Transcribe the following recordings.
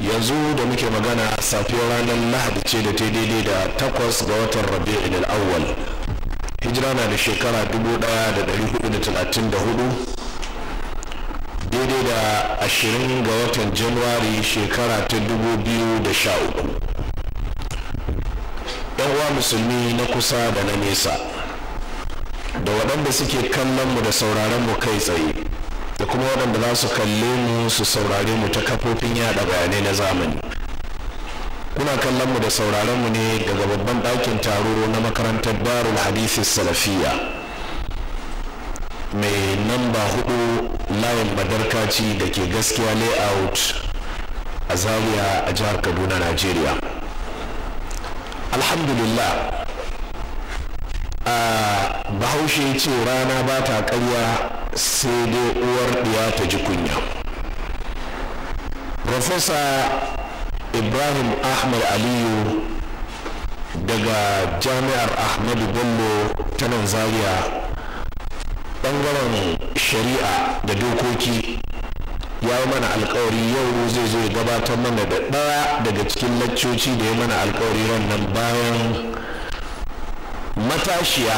yanzu da muke magana safiyar ranar lahadi ce da ta daidai da takwas ga watan rabi'in al'awwal hijira na da shekara 1434 daidai da ashirin ga watan januwari shekara ta 2013 yan uwa musulmi na kusa da na nesa da waɗanda suke kallon mu da sauraron mu kai tsaye da kuma waɗanda za su kalle mu su saurare mu ta kafofin yaɗa bayanai na zamani kuna kallon mu da sauraron mu ne daga babban ɗakin taro na makarantar darul hadisi salafiya mai namba hudu layin badarkaci da ke gaskiya layout a zaria a jihar kaduna najeriya alhamdulillah a bahaushe ce rana ba ta karya sai dai uwar ɗiya ta ji kunya profesa ibrahim ahmad aliyu daga jami'ar ahmadu bello ta nan zaria ɓangaren shari'a da dokoki ya yi mana alkawari yau zai zo gabatar mana da ɗaya daga cikin laccoci da ya mana alkawari nan bayan matashiya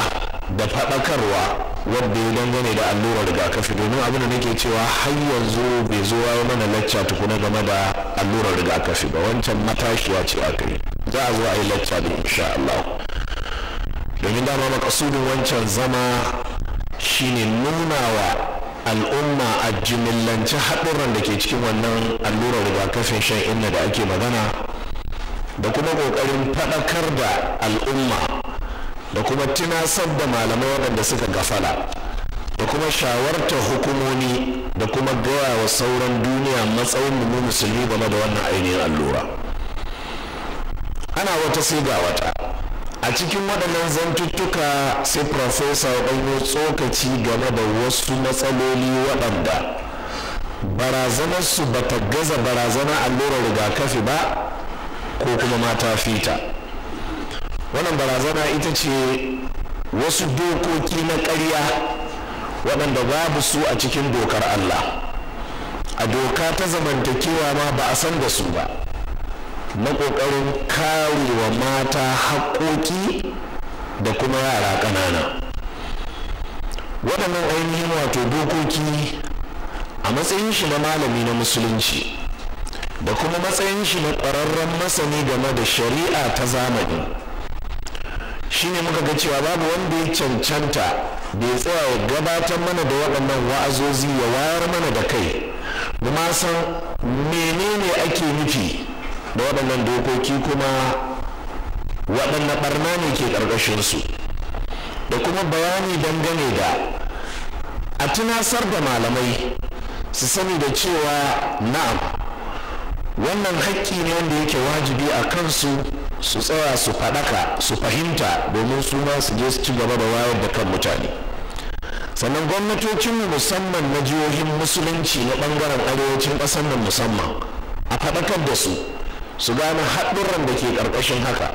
da faɗakarwa wanda ya dangane da allurar rigakafi domin abin da nake cewa har yanzu bai zo ya mana lacca tukuna game da allurar rigakafi ba wancan matashiya ce a kai za a zo a yi lacca da insha Allah domin dama makasudin wancan zama shine nuna wa al'umma a jimillance haɗurran da ke cikin wannan allurar rigakafin shan inna da ake magana da kuma ƙoƙarin faɗakar da al'umma da kuma tunasar da malamai waɗanda suka gafala da kuma shawarta hukumomi da kuma gaya wa sauran duniya matsayin mu musulmi game da wannan ainihin allura ana wata siga wata a cikin waɗannan zantuttuka sai farfesa ɗanyo tsokaci game da wasu matsaloli waɗanda barazanarsu ba ta gaza barazanar allurar rigakafi ba ko kuma mata fita wannan barazana ita ce wasu dokoki na ƙarya waɗanda babu su a cikin dokar Allah a doka ta zamantakewa ma ba a san da su ba na ƙoƙarin karewa mata haƙoƙi da kuma yara ƙanana waɗannan ainihin wato dokoki a matsayin shi na malami na musulunci da kuma matsayin shi na ƙwararren masani game da shari'a ta zamani shine muka ga cewa babu wanda ya cancanta bai tsaya ya gabatar mana da waɗannan wa'azozi ya wayar mana da kai kuma san menene ake nufi da waɗannan dokoki kuma waɗanne ɓarna ne ke ƙarƙashinsu da kuma bayani dangane da a tunasar da malamai su sani da cewa na'am wannan haƙƙi ne wanda yake wajibi a kansu su tsaya su faɗaka su fahimta domin su ma su je su ci gaba da wayar da kan mutane sannan gwamnatocin musamman na jihohin musulunci na ɓangaren arewacin ƙasar nan musamman a faɗakar da su su gane haɗurran da ke ƙarƙashin haka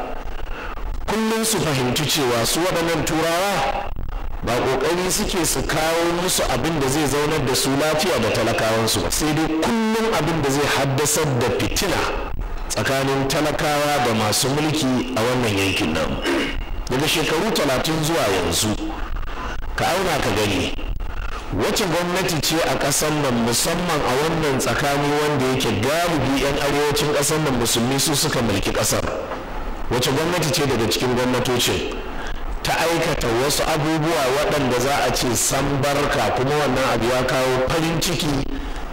kullum su fahimci cewa su waɗannan turawa ba ƙoƙari suke su kawo musu abin da zai zaunar da su lafiya da talakawansu ba sai dai kullum abin da zai haddasar da fitina tsakanin talakawa da masu mulki a wannan yankin nan daga shekaru talatin zuwa yanzu ka auna ka gani wace gwamnati ce a ƙasar nan musamman a wannan tsakani wanda yake galibi 'yan arewacin ƙasar nan musulmi su suka mulki ƙasar wace gwamnati ce daga cikin gwamnatocin ta aikata wasu abubuwa waɗanda za a ce san barka kuma wannan abu ya kawo farin ciki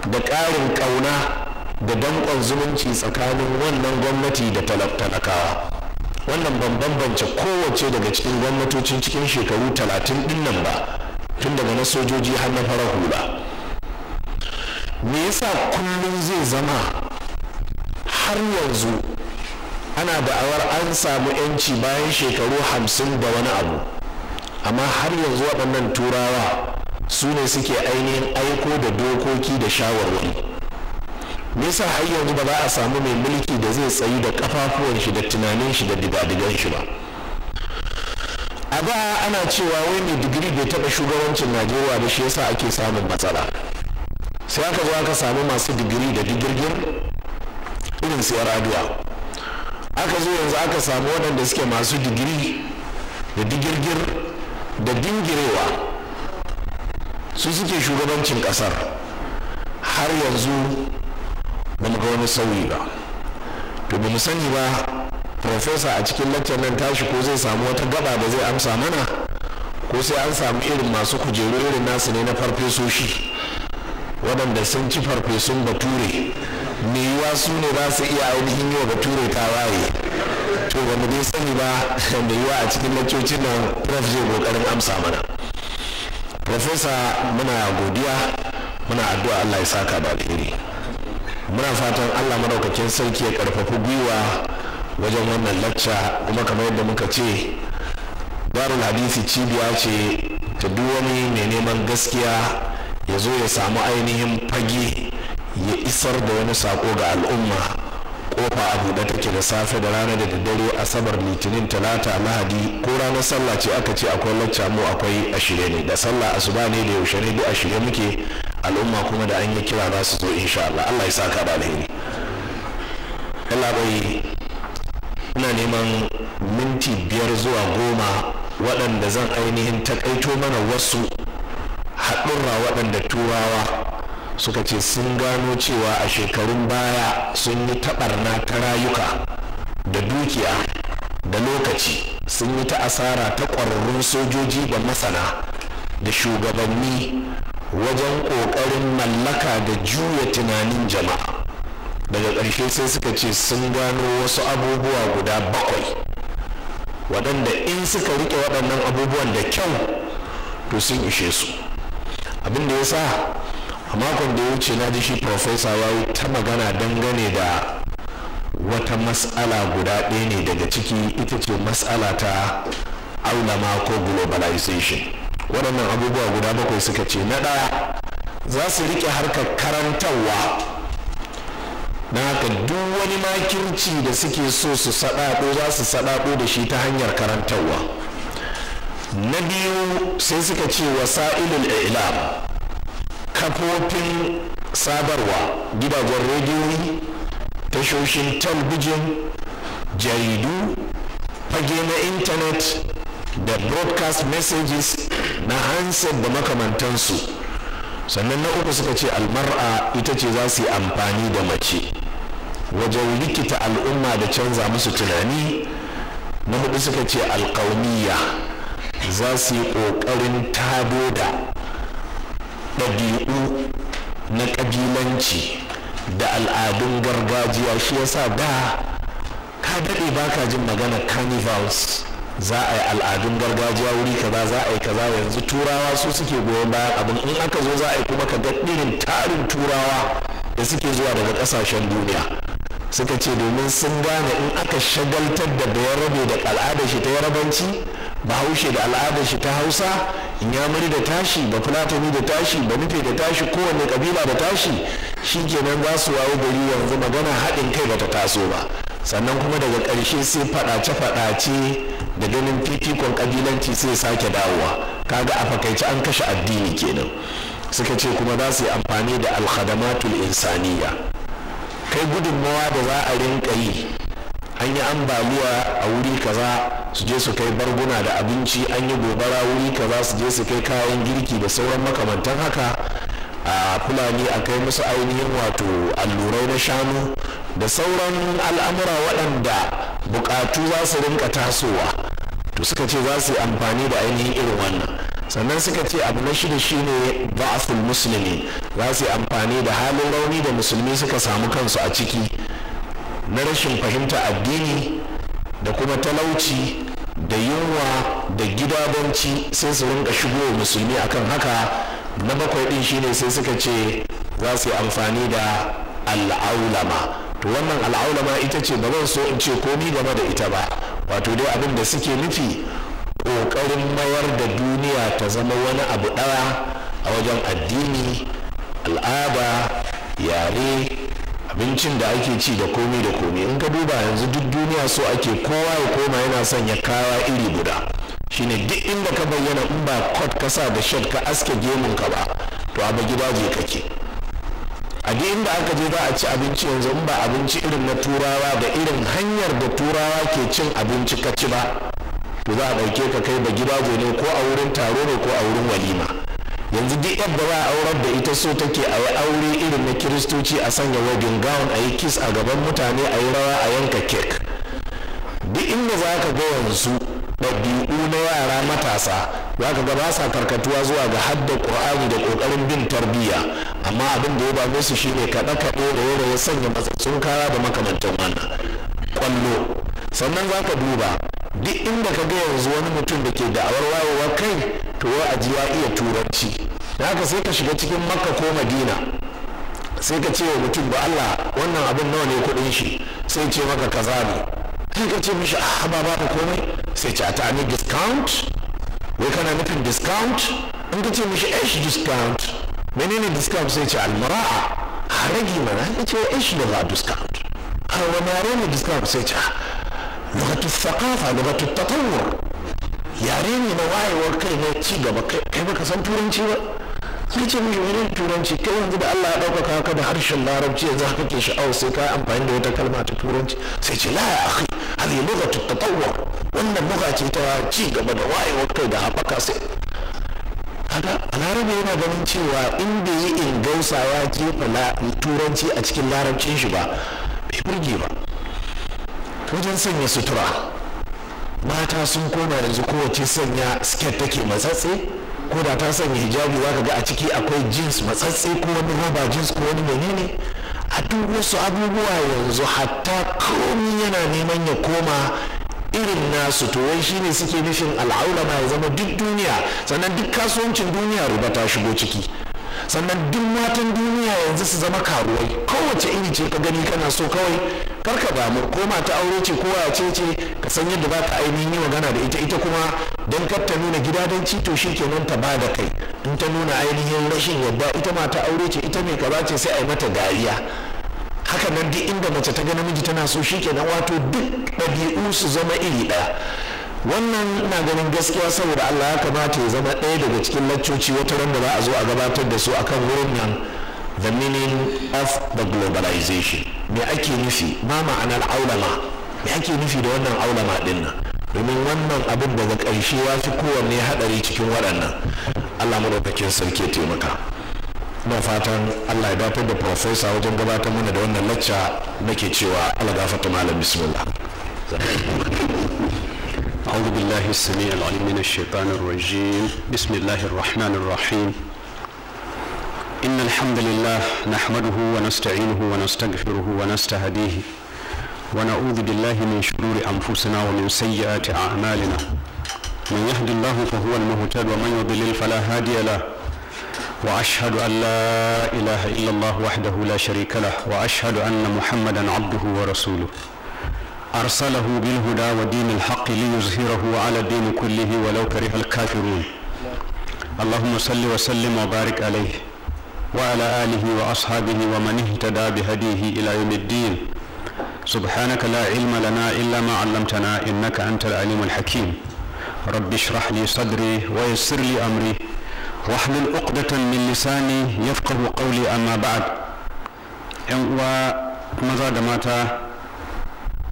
da ƙarin ƙauna da danƙon zumunci tsakanin wannan gwamnati da talakawa wannan ban bambance kowace daga cikin gwamnatocin cikin shekaru talatin din ba tun daga na sojoji har na fara hula me yasa kullum zai zama har yanzu ana da'awar an samu 'yanci bayan shekaru hamsin da wani abu amma har yanzu waɗannan turawa su ne suke ainihin aiko da dokoki da shawarwari me yasa har yanzu ba za a samu mai mulki da zai tsayi da kafafuwan shi da tunanin shi da digadigan shi ba a ba ana cewa wai mai digiri bai taɓa shugabancin najeriya ba shi yasa ake samun matsala sai aka zo aka samu masu digiri da digirgir irin su raduwa aka zo yanzu aka samu waɗanda suke masu digiri da digirgir da dingirewa su suke shugabancin ƙasar har yanzu ba ga wani sauyi ba to ba sani ba profesa a cikin laccar nan tashi ko zai samu wata gaba da zai amsa mana ko sai an samu irin masu kujeru irin nasu ne na farfesoshi waɗanda sun ci farfesun bature me yiwa su ne za su iya ainihin yau bature ta waye to ba mu dai sani ba da yiwa a cikin laccocin nan prof zai kokarin amsa mana profesa muna godiya muna addu'a allah ya saka da alheri muna fatan allah madaukakin sarki ya karfafi gwiwa wajen wannan lacca kuma kamar yadda muka ce darul hadisi cibiya ce ta duk wani mai neman gaskiya ya zo ya samu ainihin fage ya isar da wani sako ga al'umma kofa a buɗe take da safe da rana da daddare asabar litinin talata lahadi ko ranar sallah ce aka ce akwai lacca mu akwai a da sallah asuba ne da yaushe ne duk a shirye muke al'umma kuma da an yi kira za su zo insha Allah Allah ya saka da alheri Allah bai ina neman minti biyar zuwa goma waɗanda zan ainihin takaito mana wasu haɗurra waɗanda turawa suka ce sun gano cewa a shekarun baya sun yi taɓarna ta rayuka da dukiya da lokaci sun yi ta asara ta ƙwararrun sojoji da masana da shugabanni wajen ƙoƙarin mallaka da juya tunanin jama'a daga ƙarshe sai suka ce sun gano wasu abubuwa guda bakwai waɗanda in suka riƙe waɗannan abubuwan da kyau to sun ishe su abin da ya sa a makon da ya wuce na ji shi profesa yi ta magana dangane da wata matsala guda ɗaya ne daga ciki ita ce matsala ta aulama ko globalization waɗannan abubuwa guda bakwai suka ce na ɗaya za su riƙe harkar karantarwa na haka duk wani makirci da suke so su saɗaɗo za su saɗaɗo da shi ta hanyar karantarwa na biyu sai suka ce wasa'ilul ila kafofin sabarwa gidajen rediyoyi tashoshin talbijin jaridu fage na intanet da broadcast messages na handset da makamantansu sannan na uku suka ce almar'a ita ce za su yi amfani da mace wajen rikita al'umma da canza musu tunani na hudu suka ce alkauniya za su yi ƙoƙarin tabo da ɗabi'u na ƙabilanci da al'adun gargajiya shi yasa ba ka daɗe ba ka jin magana carnivals za a yi al'adun gargajiya wuri kaza za a yi kaza yanzu turawa su suke goyon bayan abin in aka zo za a yi kuma ka ga irin tarin turawa da suke zuwa daga kasashen duniya suka ce domin sun gane in aka shagaltar da daya-rabe da al'adar shi ta yarabanci bahaushe da al'adar shi ta hausa inyamuri da tashi ba fulatani da tashi ba nufe da tashi kowane kabila da tashi shi kenan za su wawo gari yanzu magana haɗin kai bata taso ba sannan kuma daga ƙarshe sai faɗace-faɗace da ganin fifikon kabilanci sai sake dawowa kaga a fakaici an kashe addini kenan suka ce kuma za su yi amfani da alhadamatul insaniya kai gudunmawa da za a rinka yi an yi ambaliya a wuri kaza su je su kai barguna da abinci an yi gobara wuri kaza su je su kai kayan girki da sauran makamantan haka a fulani a kai musu ainihin wato allurai na shanu da sauran al'amura waɗanda bukatu za su rinka tasowa to suka ce za su yi amfani da ainihin irin wannan sannan suka ce abu na shida shine ba'athul musulmi za su yi amfani da halin rauni da musulmi suka samu kansu a ciki na rashin fahimta addini da kuma talauci da yunwa da gidabanci sai su rinka shigo musulmi a kan haka na bakwai din shine sai suka ce za su yi amfani da al'aulama to wannan al'aulama ita ce ba zan so in ce komi game da ita ba wato dai abin da suke nufi ƙoƙarin mayar da duniya ta zama wani abu ɗaya a wajen addini al'ada yare abincin da ake ci da komi da komi in ka duba yanzu duk duniya so ake kowa ya koma yana son ya kawa iri guda shine duk inda ka bayyana in ba kot ka sa da shed ka aske gemun ka ba to a gida je kake a duk inda aka je za a ci abinci yanzu in ba abinci irin na turawa da irin hanyar da turawa ke cin abinci ka ci ba to za a ɗauke ka kai ba gida ne ko a wurin taro ne ko a wurin walima yanzu duk yadda ba a aurar da ita so take a yi aure irin na kiristoci a sanya wedding gown a yi kiss a gaban mutane a yi rawa a yanka kek duk inda za ka ga yanzu ɗabi'u na yara matasa za ka ga ba sa karkatuwa zuwa ga hadda ƙur'ani da ƙoƙarin bin tarbiyya amma abin da ya ba su ne kaɗa kaɗe da yore ya sanya matsatsun kaya da makamantan wannan kwallo sannan za ka duba duk inda ka ga yanzu wani mutum da ke da'awar wayewa kai to wai a jiya iya turanci da haka sai ka shiga cikin makka ko madina sai ka ce wa mutum ba allah wannan abin nawa ne kuɗin shi sai ce maka kaza ne sai ka ce mishi a ah, ba babu komai sai ce a ta ni discount wai kana nufin discount in ka ce mishi ash eh, discount menene discount sai ce almara'a a rage mana ya ce ash eh, da ba discount har wani yare ne discount sai ce daga thaqafa lugatu tatawwur yare ne na wayewar kai na ci gaba kai baka san turanci ba sai ce mishi wani turanci kai yanzu da Allah ya ɗaukaka ka da harshen larabci yanzu haka ke sha'awar sai ka amfani da wata kalma ta turanci sai ce la ya akhi هذه لغة التطور وأن اللغة تتواجي قبل رأي وقت حبك هذا العربي yana ganin cewa in bai yi ingausawa jefa turanci a cikin larabcin shi ba bai burge ba wajen sanya sutura mata sun koma yanzu kowace sanya siket take matsatse ko da ta sanya hijabi zaka ga a ciki akwai jeans matsatse ko wani roba jeans ko wani menene duk wasu abubuwa yanzu hatta komi yana neman ya koma irin nasu to wai shine suke nufin al'aulama ya zama duk duniya sannan duk kasuwancin duniya ruba ta shigo ciki sannan duk matan duniya yanzu su zama karuwai kowace iri ce ka gani kana so kawai karka ka damu ko mata aure ce ko wace ce ka san yadda ba ka ainihin yi magana da ita ita kuma don kar ta nuna gidadanci to shi kenan ta ba da kai in ta nuna ainihin rashin yadda ita mata aure ce ita mai kaza ce sai a yi mata dariya haka nan duk inda mace ta ga namiji tana so shi kenan wato duk ɗabi'u su zama iri ɗaya wannan na ganin gaskiya saboda allah ya kamata ya zama ɗaya daga cikin laccoci wata ran da za a zo a gabatar da su akan wurin nan the meaning of the globalization me ake nufi ma ma'anar aulama me ake nufi da wannan aulama ɗin nan domin wannan abin daga ƙarshe ya fi kowanne haɗari cikin waɗannan allah madaukakin sarki ya taimaka na fatan allah ya datar da profesa wajen gabatar mana da wannan lacca nake cewa allah gafata malam bismillah أعوذ بالله السميع العليم من الشيطان الرجيم بسم الله الرحمن الرحيم إن الحمد لله نحمده ونستعينه ونستغفره ونستهديه ونعوذ بالله من شرور أنفسنا ومن سيئات أعمالنا من يهد الله فهو المهتد ومن يضلل فلا هادي له واشهد ان لا اله الا الله وحده لا شريك له واشهد ان محمدا عبده ورسوله ارسله بالهدى ودين الحق ليظهره على الدين كله ولو كره الكافرون اللهم صل وسلم وبارك عليه وعلى اله واصحابه ومن اهتدى بهديه الى يوم الدين سبحانك لا علم لنا الا ما علمتنا انك انت العليم الحكيم رب اشرح لي صدري ويسر لي امري واحلل عقدة من لساني يفقه قولي أما بعد إن وماذا دماتا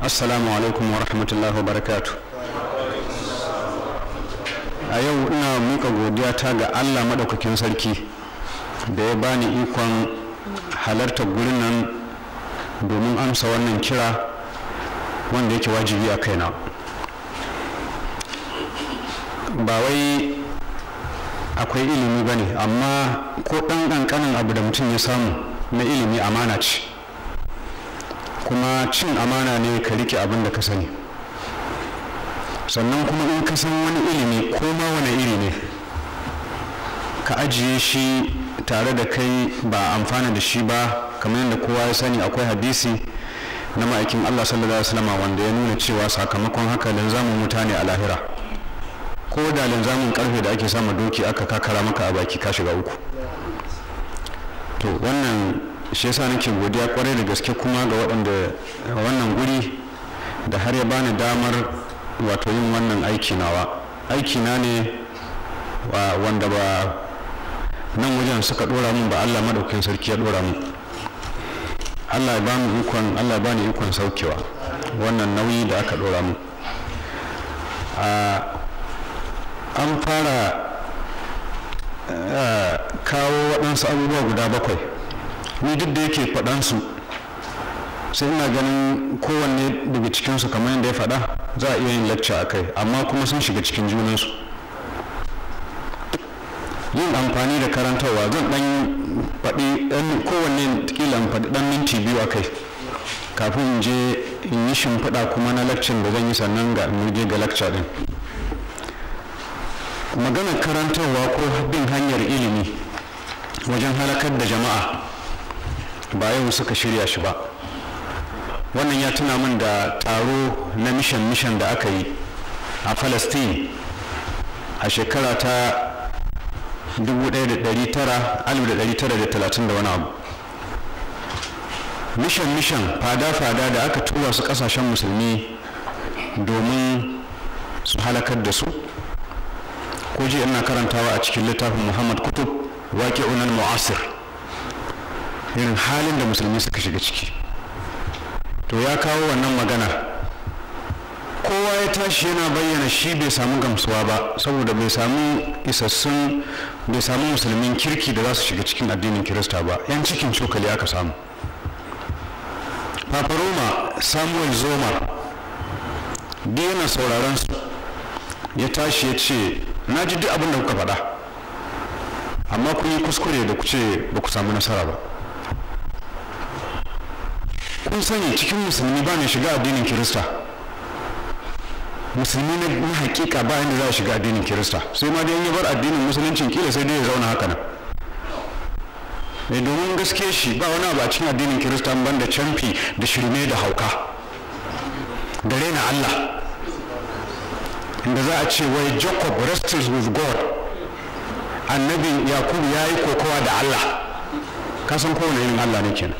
السلام عليكم ورحمة الله وبركاته a yau ina muka godiya ta ga allah maɗaukakin sarki da ya bani ikon halartar gurin nan domin amsa wannan kira wanda yake wajibi a kaina ba wai akwai ilimi ba ne amma ko ɗan ƙanƙanin abu da mutum ya samu na ilimi amana ce kuma cin amana ne ka rike abin da ka sani sannan kuma in ka san wani ilimi ko ma wani iri ne ka ajiye shi tare da kai ba amfana da shi ba kamar yadda kowa ya sani akwai hadisi na ma'aikin allah sallallahu alaihi wasallama wanda ya nuna cewa sakamakon haka zamu mutane a lahira ko da linzamin karfe da ake sama doki aka kakara maka a baki ka shiga uku to wannan shi yasa nake godiya kwarai da gaske kuma ga waɗanda wannan guri da har ya bani damar wato yin wannan aiki nawa aiki na ne wanda ba nan wajen suka dora min ba Allah madaukakin sarki ya dora min Allah ya bani ikon Allah ya bani ikon saukewa wannan nauyi da aka dora mun ah, an fara eh, kawo waɗansu abubuwa guda bakwai ni duk da yake faɗansu sai ina ganin kowanne daga cikinsu kamar yadda ya faɗa za a iya yin lacca a kai amma kuma sun shiga cikin junansu yin amfani da karantarwa zan ɗan faɗi kowanne kila faɗi ɗan minti biyu a kai kafin in je in yi shimfiɗa kuma na laccan da zan yi sannan ga murje ga lacca ɗin maganar karantarwa ko bin hanyar ilimi wajen halakar da jama'a ba yau suka shirya shi ba wannan ya tuna min da taro na mishan mishan da aka yi a palestine a shekara ta 1931 da wani mishan mishan fada-fada da aka tura su kasashen musulmi domin su halakar da su ko ji ina karantawa a cikin littafin muhammad kutub waƙe unan mu'asir irin halin da musulmi suka shiga ciki to ya kawo wannan magana kowa ya tashi yana bayyana shi bai samu gamsuwa ba saboda bai samu isassun bai samu musulmin kirki da za su shiga cikin addinin kirista ba yan cikin cokali aka samu papa roma samuel zoma duk yana sauraron su ya tashi ya ce na ji duk abin da kuka faɗa amma kun yi kuskure da ku ce ba ku samu nasara ba kun sani cikin musulmi ba ne shiga addinin kirista musulmi na hakika ba yadda za a shiga addinin kirista sai ma dai ya bar addinin musuluncin kila sai dai ya zauna haka nan mai domin gaske shi ba wani abu a cikin addinin kirista ban da camfi da shirme da hauka da na allah da za a ce wai jacob wrestles with god annabi yakubu ya yi kokowa da allah kasan kowane irin allah ne kenan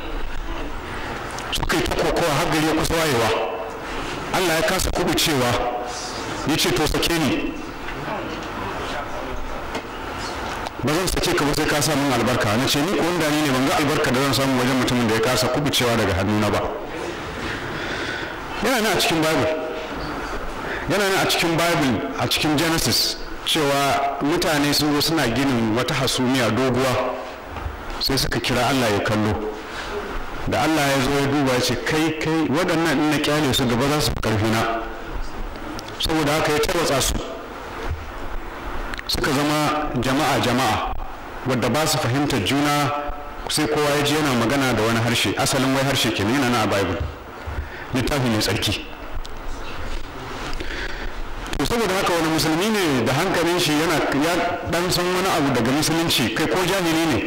suka yi ta kokowa har gari ya kusa wayewa allah ya kasa cewa ya ce to sake ni ba zan sake ka ba sai ka sa min albarka na ce ni wanda ni ne ban ga albarka da zan samu wajen mutumin da ya kasa cewa daga hannuna ba yana na cikin bible yana nan a cikin bible a cikin genesis cewa mutane sun zo suna ginin wata hasumiya doguwa sai suka kira allah ya kallo da allah ya zo ya duba ya ce kai kai waɗannan ina kyale su gaba za su karfi na saboda haka ya tarwatsa su suka zama jama'a jama'a wadda ba su fahimtar juna sai kowa ya ji yana magana da wani harshe asalin wai harshe ke yana na a bible littafi mai tsarki saboda haka wani musulmi ne da hankalin shi yana ya dan san wani abu daga musulunci kai ko jahili ne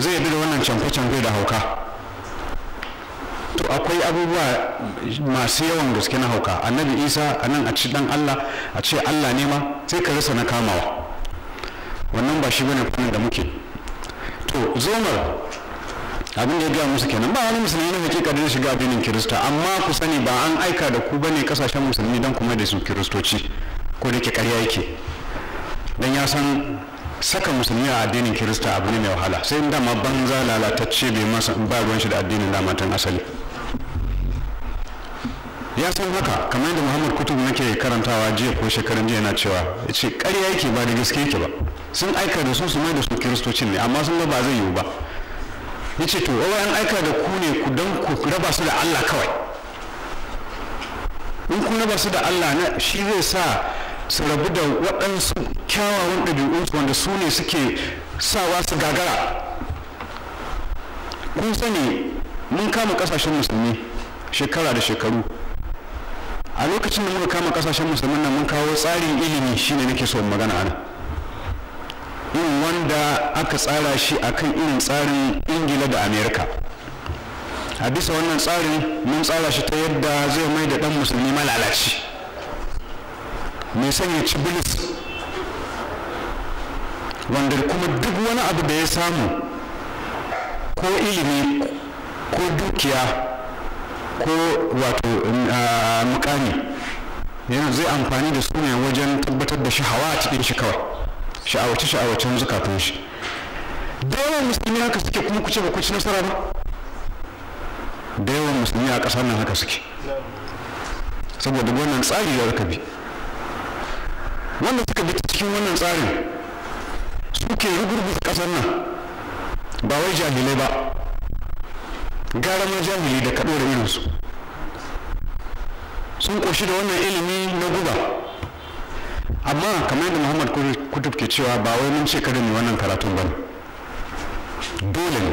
zai yarda da wannan canfe-canfe da hauka to akwai abubuwa masu yawan gaske na hauka annabi isa a nan a ci dan allah a ce allah ne ma sai ka rasa na kamawa wannan ba shi bane da muke to zomar abin da ya gaya musu kenan ba wani musulmi na hakika da shiga addinin kirista amma ku sani ba an aika da ku bane kasashen musulmi don kuma da su kiristoci ko da ke karya yake don ya san saka musulmi a addinin kirista abu ne mai wahala sai in dama banza lalatacce bai masa ba ruwan shi da addinin lamatan asali ya san haka kamar yadda muhammad kutub nake karantawa jiya ko shekarun jiya na cewa ya ce karya yake ba da gaske yake ba sun aika da su su mai da su kiristocin ne amma sun ga ba zai yiwu ba ya ce to wai aika da ku ne ku don ku raba su da allah kawai in ku raba su da allah na shi zai sa su rabu da waɗansu kyawawan ɗabi'unsu wanda su ne suke sawa su gagara kun sani mun kama ƙasashen musulmi shekara da shekaru a lokacin da muka kama ƙasashen musulmi na mun kawo tsarin ilimi shine nake so magana ana yin wanda aka tsara shi akan irin tsarin ingila da amerika a bisa wannan tsarin mun tsara shi ta yadda zai mai da ɗan musulmi malalaci mai sanya cibilis wanda kuma duk wani abu da ya samu ko ilimi ko dukiya ko wato ah, mukami yana zai amfani da su ne wajen tabbatar da shahawa a cikin shi kawai sha'awace sha'awacen zukatun shi da yawan musulmi haka suke kuma kuce ba kuce nasara ba da yawan musulmi a ƙasar nan haka suke saboda wannan tsari da rakabi bi wanda suka bi cikin wannan tsarin suke rugurguza kasar nan ba wai jahilai ba gara ma jahili da kaɗo da irinsu sun ƙoshi da wannan ilimi na guba amma kamar yadda muhammad kutub ke cewa ba wai mun ce kada wannan karatun ba dole ne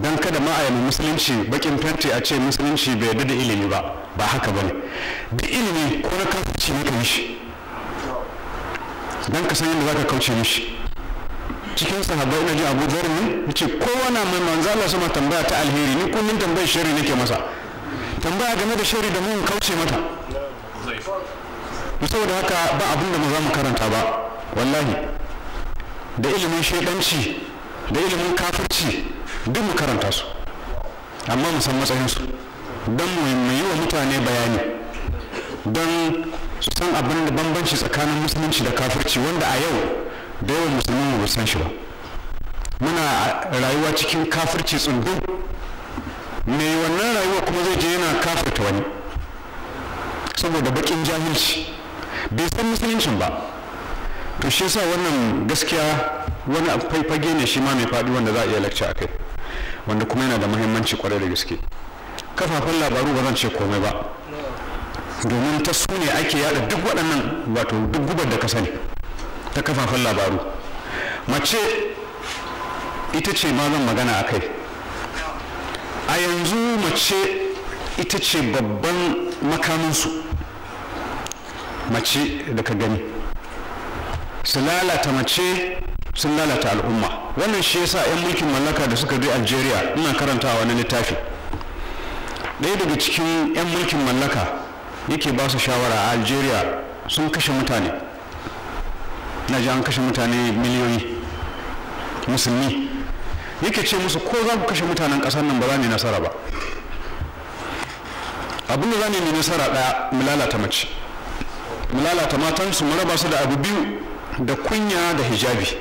don kada ma a musulunci bakin fenti a ce musulunci bai yarda da ilimi ba ba haka ba ne duk ilimi ko na kasance ne ka yi don ka san yadda za ka kauce mishi cikin sahabbai na ji abu ne ya ce kowa mai manzo Allah sama tambaya ta alheri ni kullum tambayar shari nake masa tambaya game da shari da mun kauce mata saboda haka ba abin da mu za mu karanta ba wallahi da ilimin shaidanci da ilimin kafirci duk mu karanta su amma mu san matsayinsu don mu yi wa mutane bayani don su san abin da bambanci tsakanin musulunci da kafirci wanda a yau da yawan musulmi ba san shi ba muna rayuwa cikin kafirci tsundu mai wannan rayuwa kuma zai je yana kafirta wani saboda bakin jahilci bai san musuluncin ba to shi yasa wannan gaskiya wani faifage ne shi ma mai faɗi wanda za a iya lakci a kai wanda kuma yana da muhimmanci kwarai da gaske kafafen labaru ba zan ce komai ba domin ta su ne ake yada duk waɗannan wato duk gubar da ka sani ta kafafen labaru mace ita ce ma zan magana a kai a yanzu mace ita ce babban makaminsu mace da ka gani su lalata mace sun lalata al'umma wannan shi yasa 'yan mulkin mallaka da suka je algeria ina karanta wani littafi ɗaya daga cikin 'yan mulkin mallaka yake ba su shawara a algeria sun kashe mutane na ji an kashe mutane miliyoyi musulmi yake ce musu ko za ku kashe mutanen ƙasar nan ba za ne nasara ba abin da za ne nasara ɗaya mu lalata mace mu lalata matansu mu raba su da abu biyu da kunya da hijabi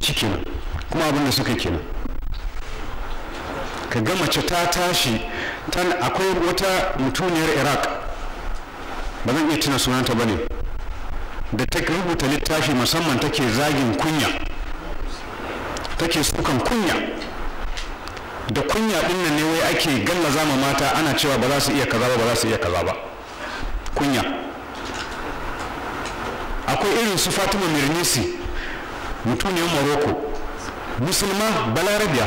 cikin kuma abin da suka kenan ka ga mace ta tashi akwai wata mutuniyar iraq ba zan iya tuna sunanta ba ne da ta rubuta littafi musamman take zagin kunya take sukan kunya da kunya din ne wai ake gallaza ma mata ana cewa ba za su iya kaza ba ba za su iya kaza ba kunya akwai irin su fatima mirnisi mutuniyar morocco musulma balarabiya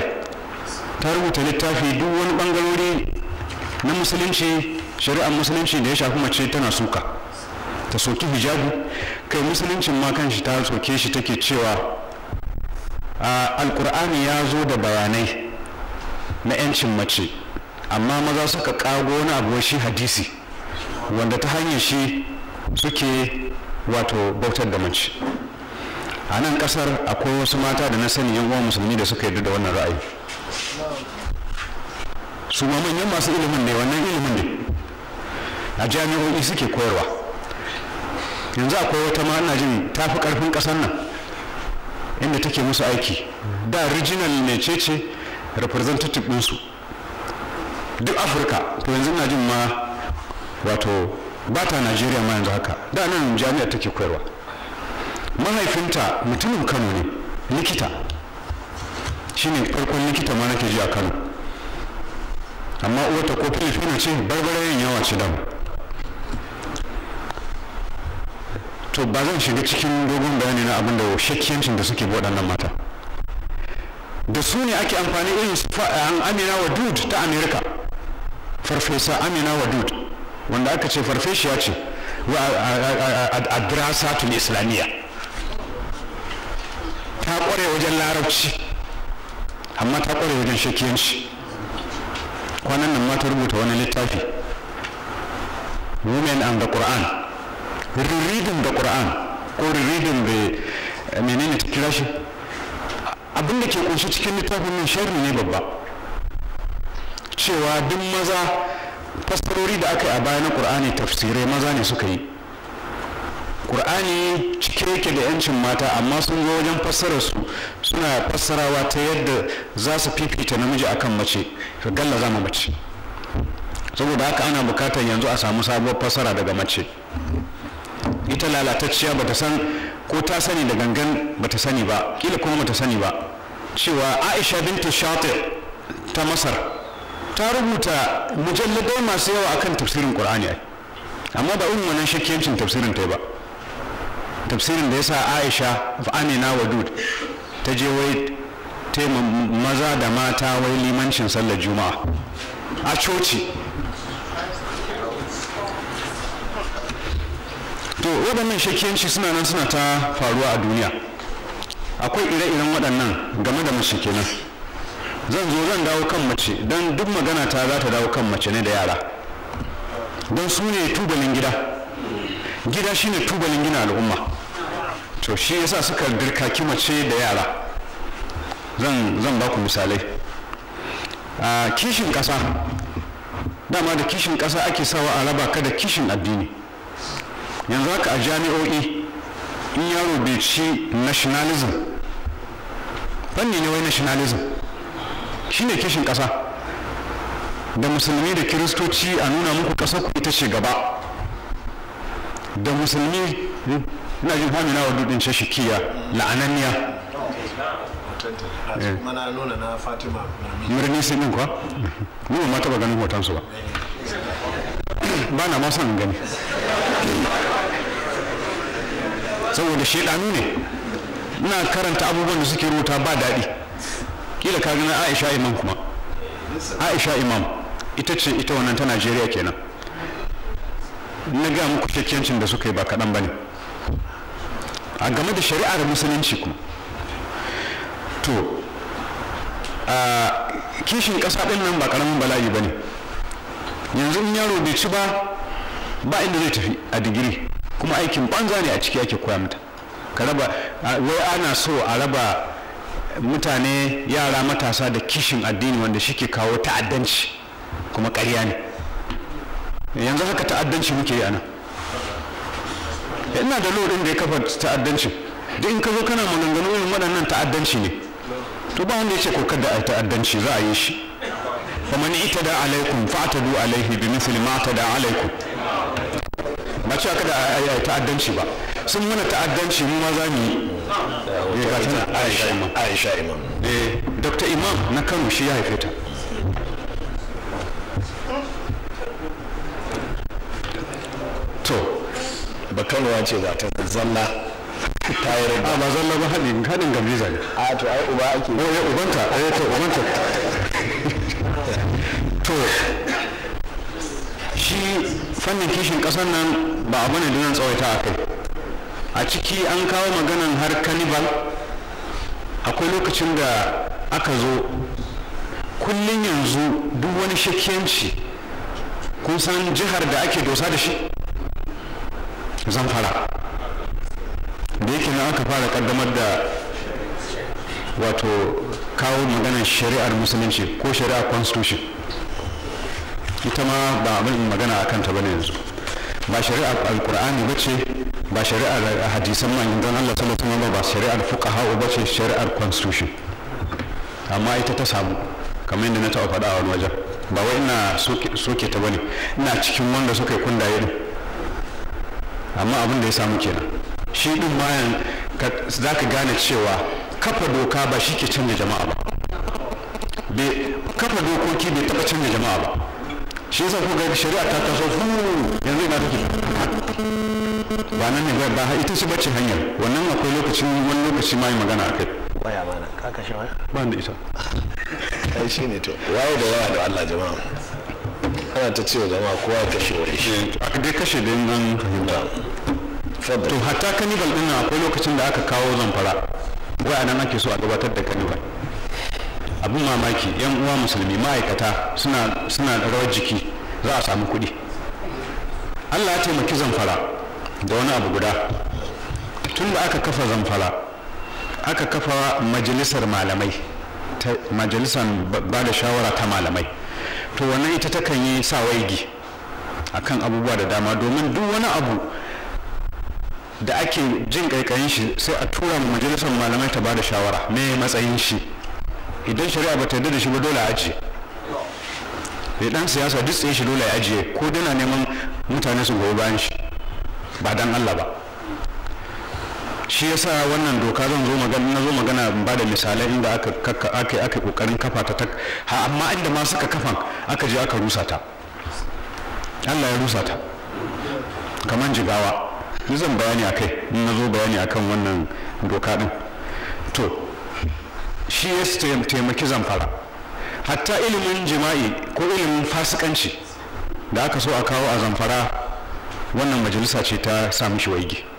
ta rubuta littafi duk wani bangarori na musulunci shari'ar musulunci da ya shafi mace tana suka ta soki hijabu kai musuluncin ma kanshi ta soke shi take cewa alkur'ani ya zo da bayanai na 'yancin mace amma maza suka kago wani abu shi hadisi wanda ta hanyar shi suke wato bautar da mace a nan kasar akwai wasu mata da na sani yan uwan musulmi da suka yarda da wannan ra'ayi su ma manyan masu ilimin ne wannan ilimin ne a jami'o'i suke koyarwa yanzu akwai wata ma ana jin tafi karfin kasar nan inda take musu aiki da original ne ce ce representative ɗinsu duk afirka to yanzu ina jin ma wato ba ta najeriya ma yanzu haka da nan jami'ar take koyarwa mahaifinta mutumin kano ne likita shine farkon likita ma nake ji a kano amma uwarta ko filifina ce yin yawa ce dam to ba zan shiga cikin dogon bayani na abin da shakkiyancin da suke waɗannan mata da su ne ake amfani irin an amina wa dud ta amerika farfesa amina wa dud wanda aka ce farfeshiya ce a dirasatul islamiyya ta kware wajen larabci amma ta kware wajen shakiyanci kwanan nan ma rubuta wani littafi women and the quran rereading the quran ko rereading the eh, menene ta kira shi abin ke kunshi cikin littafin nan sharri ne babba cewa duk maza fasarori da aka yi a baya na qur'ani tafsirai maza ne suka yi ƙur'ani cike yake da yancin mata amma sun zo wajen fassara su suna fassarawa ta yadda za su fifita namiji akan mace ka galla zama mace saboda haka ana bukatar yanzu a samu sabuwar fassara daga mace ita lalatacciya bata san ko ta sani da gangan bata sani ba kila kuma bata sani ba cewa aisha Binta shatir ta masar ta rubuta mujalladai masu yawa akan tafsirin Ƙur'ani amma ba irin wannan shakkiyancin tafsirin ta ba tafsirin da ya sa aisha of amina wadud ta je wai maza da mata wai limancin sallar juma'a a coci to waɗannan shakiyanci suna nan suna ta faruwa a duniya akwai ire-iren waɗannan game da mace kenan zan zo zan dawo kan mace don duk magana ta za ta dawo kan mace ne da yara don su ne tubalin gida gida shine tubalin gina al'umma to shi yasa suka dirkaki mace da yara zan zan ba ku misalai a kishin kasa dama da kishin kasa ake sawa a raba ka da kishin addini yanzu haka a jami'o'i in yaro bai ci nationalism fanni ne wai nationalism shine kishin kasa da musulmi da kiristoci a nuna muku ƙasar ku ita ce gaba da musulmi ina jin hamina wa dudin shashikiya la'ananniya eh. mana nuna na fatima murni sai min kuwa ni ma taba ganin hotonsu ba ba na ma son gani saboda shaidanu ne ina karanta abubuwan da suke rubuta ba daɗi kila ka gina aisha imam kuma aisha imam ita ce ita wannan ta najeriya kenan na ga muku kyakkyancin da suka yi ba kaɗan ba ne a game da shari'ar musulunci ku to a kishin ƙasa ɗin nan ba ƙaramin bala'i ba ne yanzu in yaro bai ci ba ba inda zai tafi a digiri kuma aikin banza ne a ciki ake koya mata ka raba wai ana so a raba mutane yara matasa da kishin addini wanda ke kawo ta'addanci kuma ƙarya ne yanzu haka ta'addanci muke yi a nan Ina da lodin da ya kafa ta'addanci duk in ka zo kana maganganu yin waɗannan ta'addanci ne to ba wanda ya ce kokar da ta'addanci za a yi shi fa man da alaikum du alaihi bi misli ma da alaikum ba ce aka da ayi ta'addanci ba sun mana ta'addanci mu ma za mu yi eh, Aisha Imam eh Dr Imam na Kano shi ya haife ta to ba kanwa ce ba ta zalla ta yi rage ah, ba zalla ba haɗin haɗin gambiza ne a ah, to ai uba ake ne eh, ya eh, ubanta ya eh, to ubanta to shi fannin kishin ƙasar nan ba abu ne dunan tsawaita a kai a ciki an kawo maganan har kanibal akwai lokacin da aka zo kullum yanzu duk wani shakiyanci kun san jihar da ake dosa da shi zamfara da yake nan aka fara kaddamar da wato kawo maganar shari'ar musulunci ko shari'ar constitution ita ma ba abin magana akan ta bane yanzu ba shari'ar alkur'ani ba ce ba shari'ar hadisan manyan don allah sallallahu alaihi ba shari'ar hau ba ce shari'ar constitution amma ita ta samu kamar yadda na taɓa faɗa a wani wajen ba wai ina soke ta bane ina cikin wanda suka yi kundaye din amma abin da ya samu kenan shi din mayan za ka gane cewa kafa doka ba shi ke canza jama'a ba kafa dokoki bai taɓa canza jama'a ba shi yasa ko ga shari'a ta taso yanzu ina take ba nan ne ba ita ce bace hanyar wannan akwai lokacin wani lokaci ma yi magana a kai waya mana ka kashe waya ba da isa ai shine to waye da waya da Allah jama'a kana ta ce jama'a kowa ya kashe wani shi eh, a dai kashe da nan fahimta to hatta kanibal din nan akwai lokacin da aka kawo zamfara wai nan ake so a gabatar da kanibal abin mamaki yan uwa musulmi ma'aikata suna suna da rawar jiki za a samu kuɗi Allah ya taimaki zamfara da wani abu guda tun da aka kafa zamfara aka kafa majalisar malamai majalisar ba da shawara ta malamai to wannan ita takan yi sa waigi a kan abubuwa da dama domin duk wani abu da ake jin ƙaiƙayin shi sai a tura mu majalisar malamai ta bada shawara me matsayin shi idan shari'a ba ta yarda da shi ba dole a ajiye mai dan siyasa duk tsaye shi dole a ajiye ko dana neman mutane su goyi bayan shi ba dan Allah ba shi yasa wannan doka zan zo magana na zo magana ba da misalai inda aka aka aka kokarin kafa ta ha amma inda ma suka kafan aka je aka rusa ta Allah ya rusa ta kaman jigawa ni zan bayani akai in na zo bayani akan wannan doka din to shi ya taimaki zamfara hatta ilimin jima'i ko ilimin fasikanci da aka so a kawo a zamfara wannan majalisa ce ta sami shi waige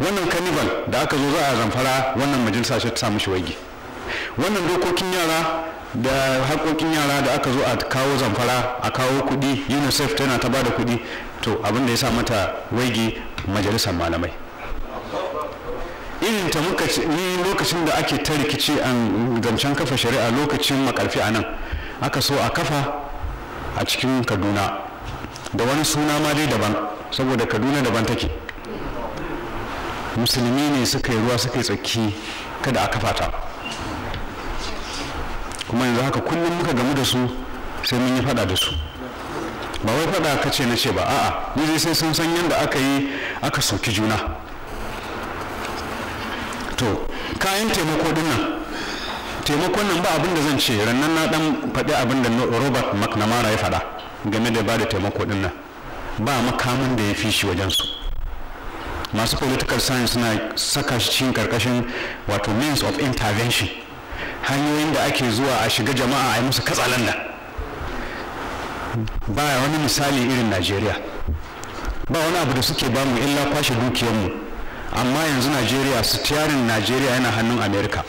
wannan kanibal da aka zo za a zamfara wannan majalisa ta samu shi waige wannan dokokin yara da harkokin yara da aka zo a kawo zamfara a kawo kuɗi unicef tana ta bada kuɗi to abin da ya sa mata waige majalisar malamai irin ta lokacin da ake ta rikici a zancen kafa shari'a lokacin makarfi a nan aka so a kafa a cikin kaduna da wani suna ma dai daban saboda kaduna daban take musulmi ne suka yi ruwa suka yi tsaki kada a kafata kuma yanzu haka kullum muka gamu da su sai mun yi fada da su ba wai fada ka ce na ce ba a'a ni sai sun san yadda aka yi aka soki juna to kayan taimako dinnan taimakon nan ba abin da zan ce rannan na dan faɗi abin da robert mcnamara ya faɗa game da ba da taimako ɗinnan ba makamin da ya fi shi wajensu masu political science suna saka shi cikin karkashin wato means of intervention hanyoyin da ake zuwa a shiga jama'a a yi musu katsalanda ba wani misali irin najeriya ba wani abu da suke bamu illa kwashe mu amma yanzu najeriya sitiyarin najeriya yana hannun america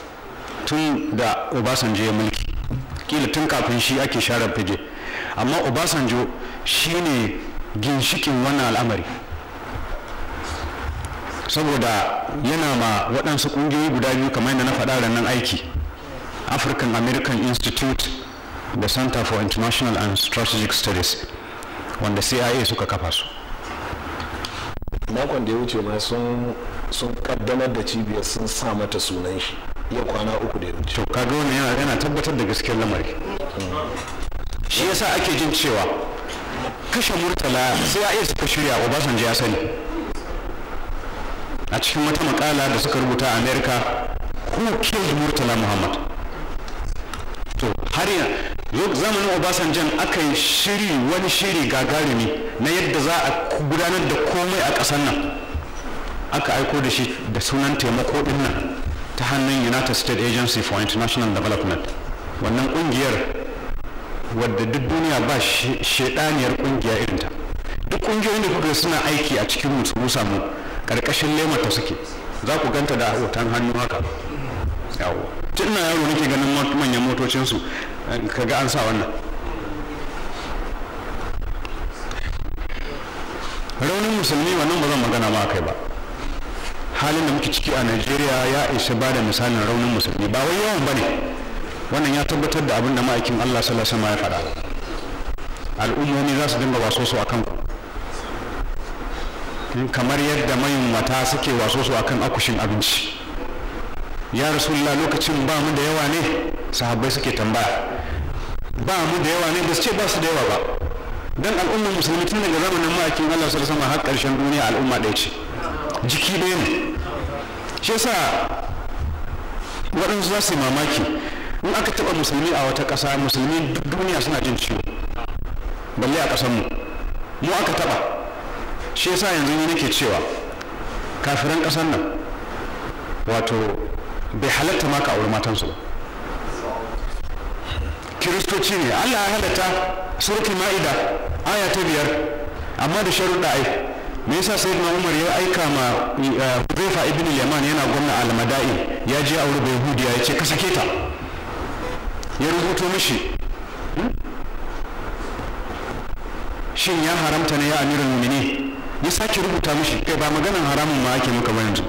tun da obasanjo ya mulki kila tun kafin shi ake share fije amma obasanjo shine ginshikin wannan al'amari saboda yana ma waɗansu ƙungiyoyi guda biyu kamar yadda na faɗa nan aiki african american institute da center for international and strategic studies wanda cia suka kafa su makon da ya wuce ma sun kaddamar da cibiyar sun sa mata sunan shi ya kwana uku da ya wuce to ga wani yana yana tabbatar da gaskiyar lamari shi yasa ake jin cewa kashe murtala cia suka shirya obasanjo ya sani a cikin wata makala da suka rubuta a amerika who killed murtala muhammad to har yanzu zamanin obasanjan aka yi shiri wani shiri gagarumi na yadda za a gudanar da komai a ƙasar nan aka aiko da shi da sunan taimako din nan ta hannun united states agency for international development wannan ƙungiyar wadda duk duniya ba shedaniyar ƙungiya irinta duk ƙungiyoyin da kuka suna aiki a cikin musu musamman. karkashin lemata suke za ku ganta da hoton hannu haka yawo tun ina yaro nake ganin manyan motocinsu ka ga an sa wannan raunin musulmi wannan ba zan magana ma kai ba halin da muke ciki a najeriya ya isa ba da misalin raunin musulmi ba wai yawan ba ne wannan ya tabbatar da abin da ma'aikin allah sallasa ma ya faɗa al'ummomi za su dinga waso su a ku kamar yadda mayunwata suke waso su akan akushin abinci ya rasulullah lokacin ba mu da yawa ne sahabbai suke tambaya ba mu da yawa ne ba su ce ba su da yawa ba dan al'ummar musulmi tun daga zamanin ma'aikin Allah sallallahu alaihi har karshen duniya al'umma ɗaya ce jiki ɗaya ne shi yasa waɗansu za su yi mamaki in aka taɓa musulmi a wata ƙasa musulmi duk duniya suna jin ciwo balle a ƙasar mu mu aka taɓa shi yasa yanzu ne nake cewa kafiran kasar nan wato bai halatta ma a auri matansu ba kiristoci ne allah ya halatta surki ma'ida aya ta biyar amma da da ai me yasa sai na umar ya aika ma eh, hudaifa ibn yaman yana gwamna almadai ya je aure bai hudiya ya ce ka sake ta ya rubuto mashi. Hmm? shin ya haramta ne ya amirin mumini ya sake rubuta mishi kai eh, ba maganan haramun ma ake maka ba yanzu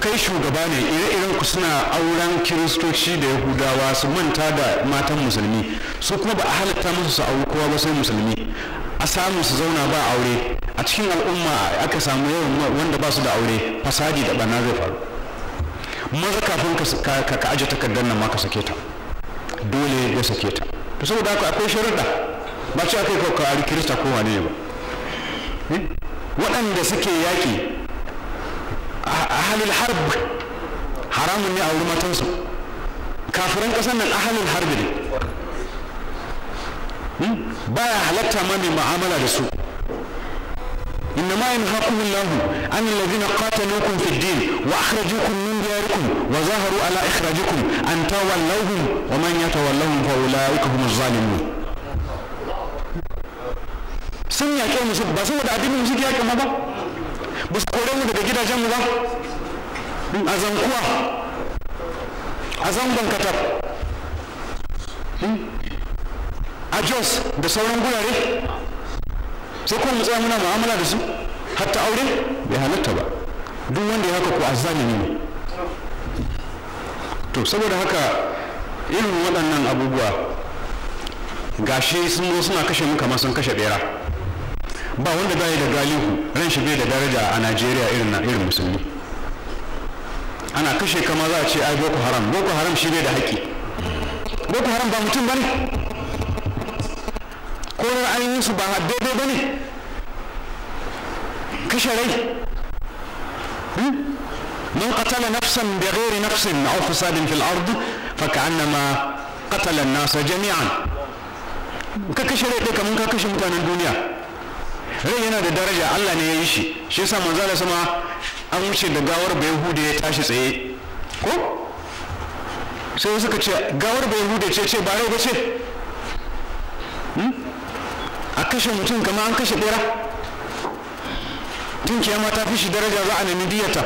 kai shugaba ne ire-iren ku suna auren kiristoci da yahudawa su manta da matan musulmi su kuma ba a halatta musu su auri kowa ba sai musulmi a samu su zauna ba aure a cikin al'umma aka samu yawan wanda ba su da aure fasadi da bana zai faru maza kafin ka ka aje takardar nan ma ka sake ta dole ya sake ta to saboda akwai sharuɗa ba ce akai ka ari kirista kowa ne ba waɗanda suke yaƙi a halin harb haramun ne a wurin matansu kafiran ƙasar nan ahalin harbi ne ba ya halatta ma mai ma'amala da su إنما ينهاكم الله عن الذين قاتلوكم في الدين وأخرجوكم من دياركم وظاهروا على إخراجكم أن تولوهم ومن يتولهم فأولئك هم الظالمون sun yaƙe musu ba saboda addinin mu suke yaƙe ba ba su kore mu daga gidajen mu ba mm, a zankuwa a zangon katab mm, a jos da sauran gurare sai kuma mu tsaya muna mu'amala da su hatta aure bai halatta ba duk wanda ya haka ko azzalimi ne to saboda haka irin waɗannan abubuwa gashi sun zo suna kashe mu kamar sun kashe bera ba wanda bai da galihu ran shi bai da daraja a najeriya irin na irin musulmi ana kashe kama za a ce ai boko haram boko haram shi bai da haƙƙi boko haram ba mutum ba ne ko su ba daidai ba ne kashe rai من قتل نفسا بغير نفس أو فساد في الأرض فكأنما قتل الناس جميعا ككشري ديك من ككش متان الدنيا rai yana da daraja Allah ne ya yi shi shi yasa manzo Allah sama an wuce da gawar bai hude ya tashi tsaye ko sai suka ce gawar bai hude ce ce ba rai ce hmm? a kashe mutum kamar an kashe bera tun kiyama ta fi shi daraja za a nemi diyata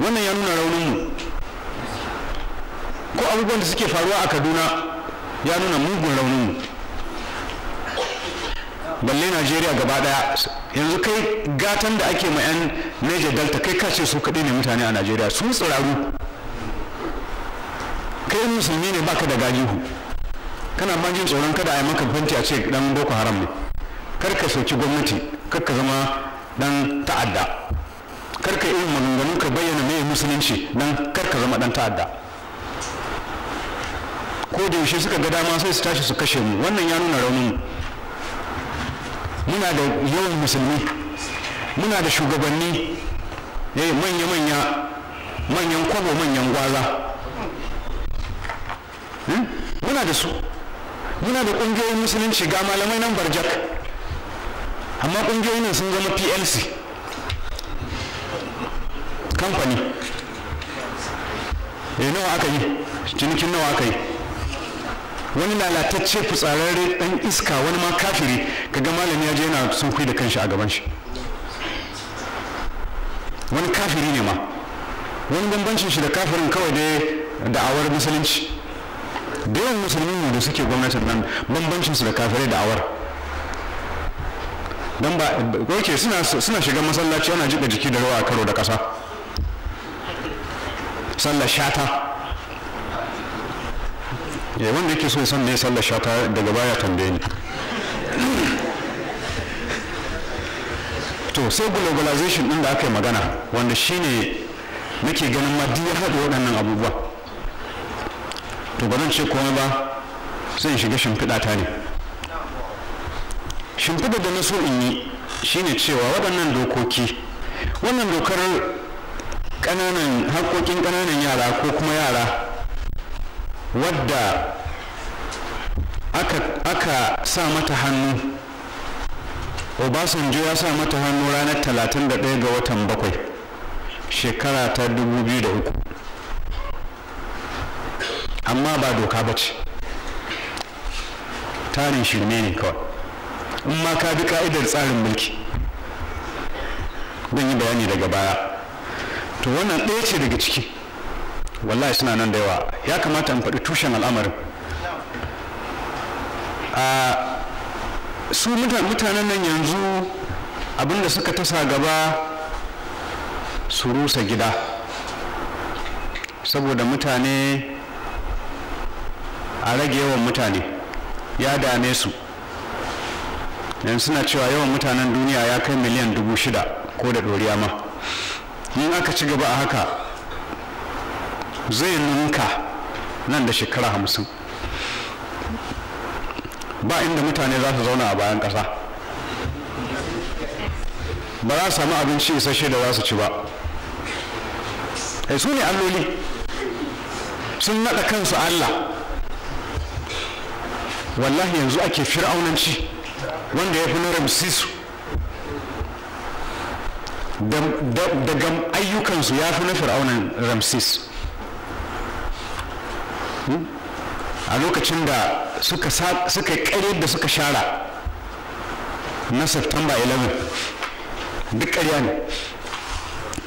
wannan ya nuna raunin mu ko abubuwan da suke faruwa a kaduna ya nuna mugun raunin mu balle najeriya gaba daya yanzu kai gatan da ake ma yan niger delta kai kace su kadai ne mutane a najeriya sun tsiraru kai musulmi ne baka da galihu kana ma jin tsoron kada a yi maka fanti a ce dan boko haram ne kar ka soki gwamnati kar ka zama dan ta'adda kar ka yi maganganu ka bayyana mai musulunci dan kar ka zama dan ta'adda ko da yaushe suka ga dama sai su tashi su kashe mu wannan ya nuna raunin mu muna da yawan musulmi muna da shugabanni manya-manya eh, manyan kwabo manyan gwaza hmm? muna da su muna da ƙungiyoyin musulunci ga malamai nan barjak amma ƙungiyoyin nan sun zama plc kamfani eh, nawa aka yi cinikin nawa aka yi wani lalatacce fitsararre dan iska wani ma kafiri kaga malami ya je yana sun da kanshi a gaban shi wani kafiri ne ma wani bambancin shi da kafirin kawai dai da'awar musulunci da yawan musulmi ne da suke gwamnatin nan bambancin su da kafirai da'awar don ba ok suna shiga masallaci ana jiɓa jiki da rawa a karo da ƙasa sallar shata ya eh, wanda yake so san me sallar shata daga baya tambaye ni to sai globalization din da aka yi magana wanda shine nake ganin ma duk ya haɗa waɗannan abubuwa to ba zan ce komai ba zan shiga shimfiɗa ta ne shimfiɗa da na so in yi shine cewa waɗannan dokoki wannan dokar ƙananan haƙoƙin ƙananan yara ko kuma yara wadda aka, sa mata hannu obasanjo ya sa mata hannu ranar 31 ga watan bakwai shekara ta 2003 amma ba doka ba ce tarin shirme ne kawai in ma ka bi ka'idar tsarin mulki don yi bayani daga baya to wannan ɗaya ce daga ciki wallahi suna nan da yawa ya kamata in faɗi tushen al'amarin su mutanen nan yanzu abinda suka tasa gaba su rusa gida saboda mutane a rage yawan mutane ya dame su yanzu suna cewa yawan mutanen duniya ya kai miliyan dubu shida ko da ɗoriya ma in aka ci gaba a haka zai ninka nan da shekara hamsin ba inda mutane za su zauna a bayan ƙasa ba za su samu abinci isasshe da za su ci ba eh, su ne alloli sun naɗa kansu allah wallahi yanzu ake fir'aunanci wanda ya fi na ramsisu daga ayyukansu ya fi na fir'aunan ramsis a lokacin da suka kare da suka shara na september 11 duk ƙarya ne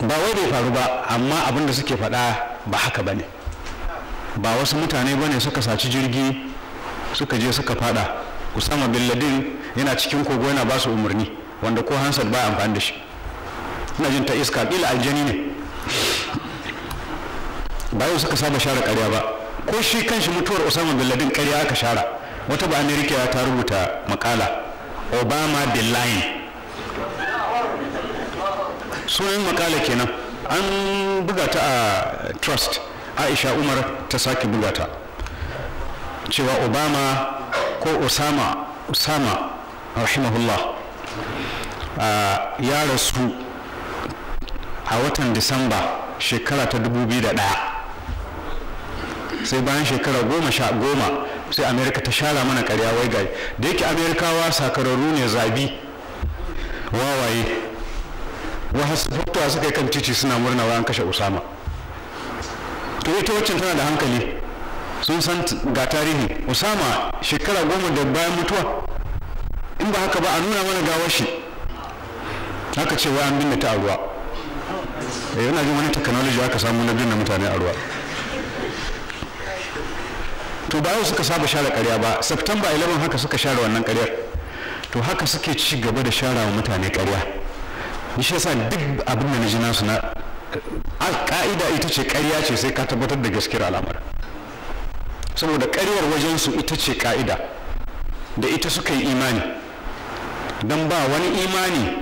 ba wai bai faru ba amma abin da suke faɗa ba haka ba ne ba wasu mutane ba ne suka saci jirgi suka je suka fada kusama bin ladin yana cikin kogo yana ba su umarni wanda ko hansar ba amfani da shi ina jin ta iska ƙila aljani ne ba yau suka saba share karya ba ko shi kan shi mutuwar usama bin Laden ƙarya aka shara wata ba Amerika ta rubuta makala Obama bin Laden sunan makala kenan an buga ta a trust Aisha Umar ta sake buga ta cewa Obama ko Osama Osama rahimahullah ya rasu a watan Disamba shekara ta 2001 sai bayan shekara goma sha goma sai amerika ta shara mana karya wai gari da yake amerikawa sakararru ne zabi wawaye wasu fattuwa suka yi kan titi suna murna wa an kashe usama to ita waccan tana da hankali sun san ga tarihi usama shekara goma da bayan mutuwa in ba haka ba a nuna mana gawar shi haka cewa an binne ta a ruwa yana eh, jin wani technology aka samu na binne mutane a ruwa to ba yau suka saba share karya ba september 11 haka suka share wannan ƙaryar to haka suke ci gaba da share wa mutane ƙarya shi yasa duk abin da na ji nasu na ka'ida ita ce ƙarya ce sai ka tabbatar da gaskiyar al'amar saboda ƙaryar wajensu ita ce ka'ida da ita suka yi imani don ba wani imani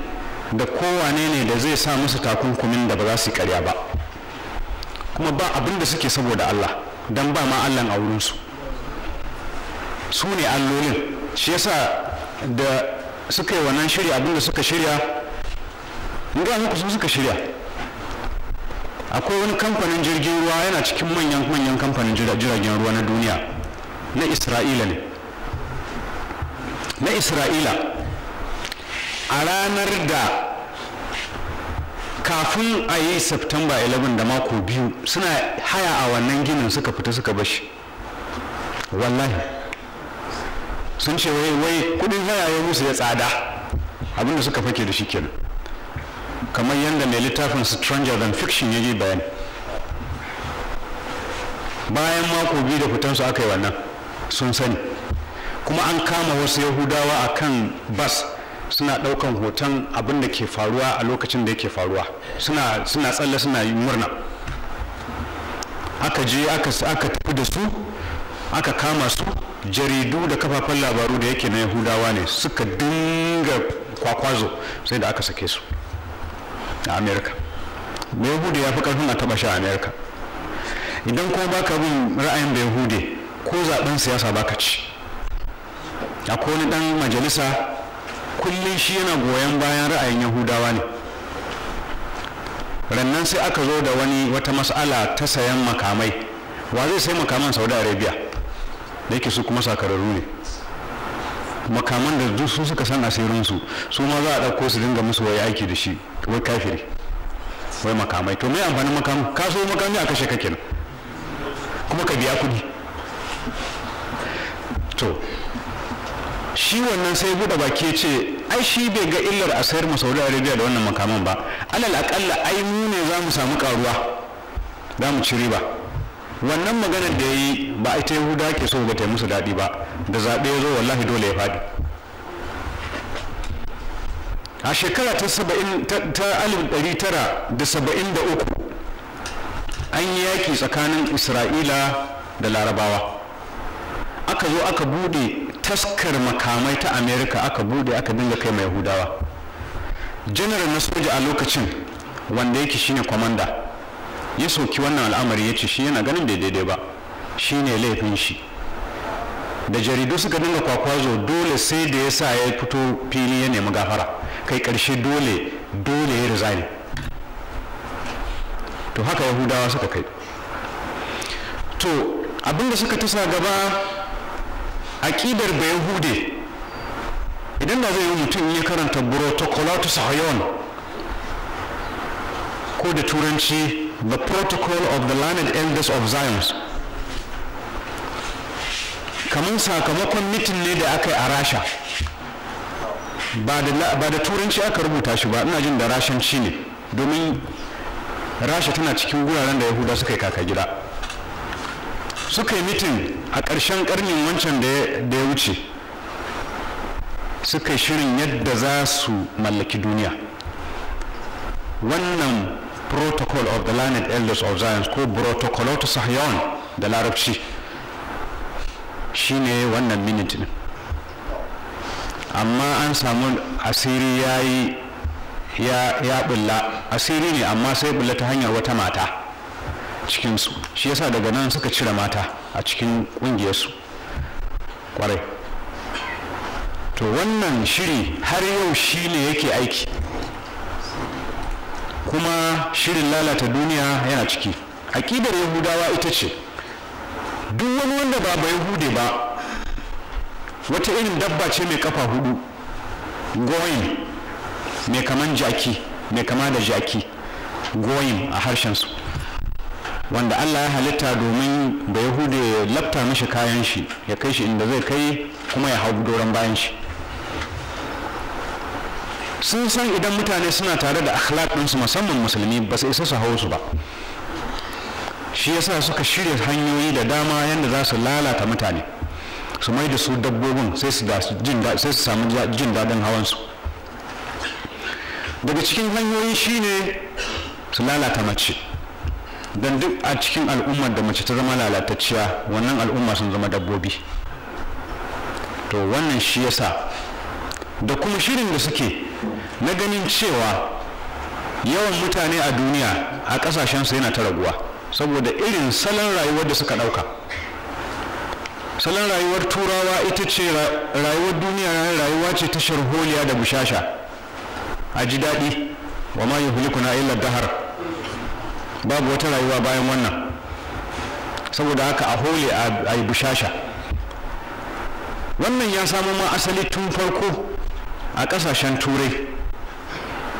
da kowane ne da zai sa musu takunkumin da ba za su karya ba kuma ba abin da suke saboda Allah don ba ma Allah a wurinsu su ne allolin shi yasa da suka yi wannan shirya abinda suka shirya ga muku su suka shirya akwai wani kamfanin jirgin ruwa yana cikin manyan manyan kamfanin jiragen ruwa na duniya na isra'ila ne na isra'ila a ranar da kafin a yi september 11 da mako biyu suna haya a wannan ginin suka fita suka bashi wallahi sun ce wai wai kudin zai yayo musu ya tsada abinda suka fake da shi kenan kamar yadda mai littafin stranger than fiction ya yi bayan bayan mako biyu da fitansu aka yi wannan sun sani kuma an kama wasu yahudawa a kan bas suna ɗaukan hoton abin da ke faruwa a lokacin da yake faruwa suna tsalle suna yi murna aka je aka tafi da su aka kama su jaridu da kafafen labaru da yake na yahudawa ne suka dinga kwakwazo sai da aka sake su a amerika mai yahudu ya fi karfin a taba sha a amerika idan kuma baka bin ra'ayin da yahudu ko zaɓen siyasa baka ci a wani dan majalisa kullum shi yana goyon bayan ra'ayin yahudawa ne rannan sai aka zo da wani wata mas'ala ta sayan makamai wa zai sai makaman saudi arabia da yake su kuma sakararru ne makaman da duk su suka san asirinsu su ma za a ɗauko su dinga musu wai aiki da shi wai kafiri wai makamai to mai amfanin makamu ka so makami a kashe kake nan kuma ka biya kuɗi to shi wannan sai buɗe baki ya ce ai shi bai ga illar a sayar saudi arabia da wannan makaman ba alal aƙalla ai mu ne za mu samu ƙaruwa za mu ci riba wannan maganar da ya yi ba ita yahuda ke so ga ta musu daɗi ba da zaɓe ya zo wallahi dole ya faɗi a shekara ta alif ɗari tara da saba'in da uku an yi yaƙi tsakanin isra'ila da larabawa aka zo aka buɗe taskar makamai ta amerika aka buɗe aka dinga kai mai yahudawa janar na soja a lokacin wanda yake shine kwamanda ya sauki wannan al'amari ya ce shi yana ganin da daidai ba shi ne laifin shi da jaridu suka dinga kwakwazo dole sai da ya sa ya fito fili ya nemi gafara kai karshe dole dole ya resign to haka yahudawa suka kai to abinda suka tasa gaba aƙidar bai yahude idan da zai yi mutum ya karanta burotokolatu sahayon ko da turanci the protocol of the learned elders of Zion kamar sakamakon mitin ne da aka yi a rasha ba da turanci aka rubuta shi ba ina jin da rashanci ne domin rasha tana cikin wuraren da yahuda suka yi kaka gida suka yi mitin a ƙarshen ƙarnin wancan da ya wuce suka yi shirin yadda za su mallaki duniya wannan protocol of the learned elders of zion ko protocol ta sahyon da larabci shine wannan minute ne amma an samu asiri ya yi ya bulla asiri ne amma sai bulla ta hanyar wata mata cikinsu shi yasa daga nan suka cire mata a cikin ƙungiyarsu kwarai to wannan shiri har yau shi ne yake aiki kuma shirin lalata duniya yana ciki aƙidar yahudawa ita ce duk wani wanda ba ba hude ba wata irin dabba ce mai kafa hudu goyin mai kaman jaki mai kama da jaki goyin a harshensu wanda allah ya halitta domin da yahude ya lafta mashi kayan shi ya kai shi inda zai kai kuma ya hau doron bayan shi sun san idan mutane suna tare da akhlaqinsu musamman musulmi ba su isa su hau su ba shi yasa suka shirya hanyoyi da dama yadda za su lalata mutane su mai da su dabbobin sai su samu jin daɗin su daga cikin hanyoyi shine su lalata mace don duk a cikin al'ummar da mace ta zama lalatacciya wannan al'umma sun zama dabbobi to wannan shi yasa da kuma shirin da suke na ganin cewa yawan mutane a duniya a ƙasashensu yana ta raguwa saboda irin salon rayuwar da suka ɗauka salon rayuwar turawa ita ce rayuwar duniya na rayuwa ce ta sharholiya da bushasha a ji daɗi wa ma na illa dahar babu wata rayuwa bayan wannan saboda haka a hole a yi bushasha wannan ya samo ma asali tun farko a kasashen turai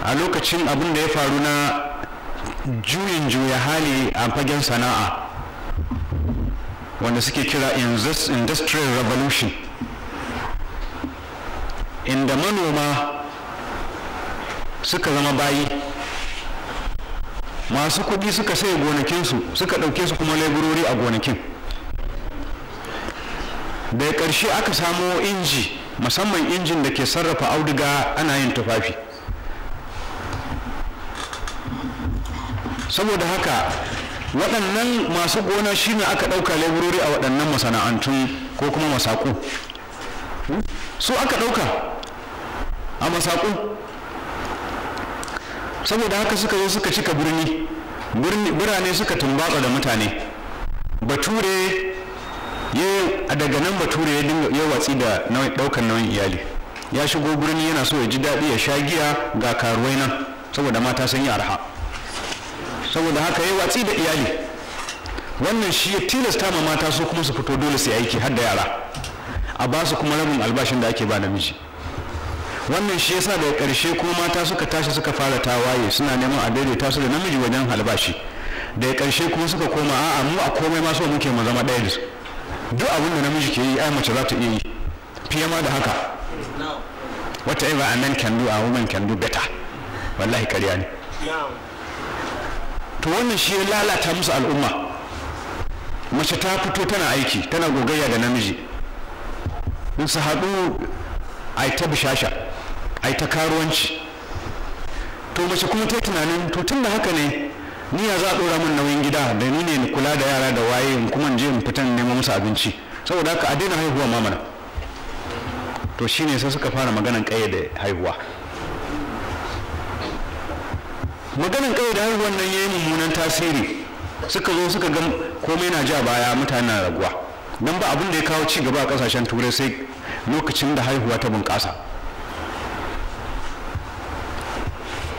a lokacin abin da ya faru na juyin juya hali a fagen sana'a wanda suke kira industrial revolution inda manoma suka zama bayi masu kuɗi suka sai gonakinsu suka ɗauke su kuma laburori a gonakin da ƙarshe aka samo inji musamman injin da ke sarrafa auduga ana yin tufafi saboda haka waɗannan masu gona shi ne aka ɗauka laburori a waɗannan masana'antun ko kuma masaku su aka ɗauka a masaku saboda haka suka zo suka cika birni birane suka tumbatsa da mutane bature daga nan bature ya watsi da ɗaukar nauyin iyali ya shigo birni yana so ya ji daɗi ya sha giya ga karuwai nan saboda mata sun yi arha saboda haka yi watsi da iyali wannan shi ya tilasta ma mata su kuma su fito dole su aiki har da yara a ba su kuma rabin albashin da ake ba namiji wannan shi yasa daga karshe ko mata suka tashi suka fara tawaye suna neman a daidaita su da namiji wajen albashi daga karshe kuma suka koma a'a mu a komai ma so muke mu zama ɗaya da su duk abin da namiji ke yi ai mace za ta iya yi fiye ma da haka whatever a man can a woman kyandu beta wallahi ƙarya ne to wannan shi ya lalata musu al'umma mace ta fito tana aiki tana gogayya da namiji in su haɗu a ta bishasha a ta karuwanci to mace kuma ta tunanin to tun da haka ne ni ya za a ɗora min nauyin gida da ni ne kula da yara da waye in kuma je in fitan neman musu abinci saboda haka a daina haihuwa mamana to shine sai suka fara maganan ƙayyade haihuwa maganin kawai da haihuwan nan ya yi mummunan tasiri suka zo suka ga komai na ja baya mutane na raguwa don ba abin da ya kawo ci gaba a kasashen turai sai lokacin da haihuwa ta bunƙasa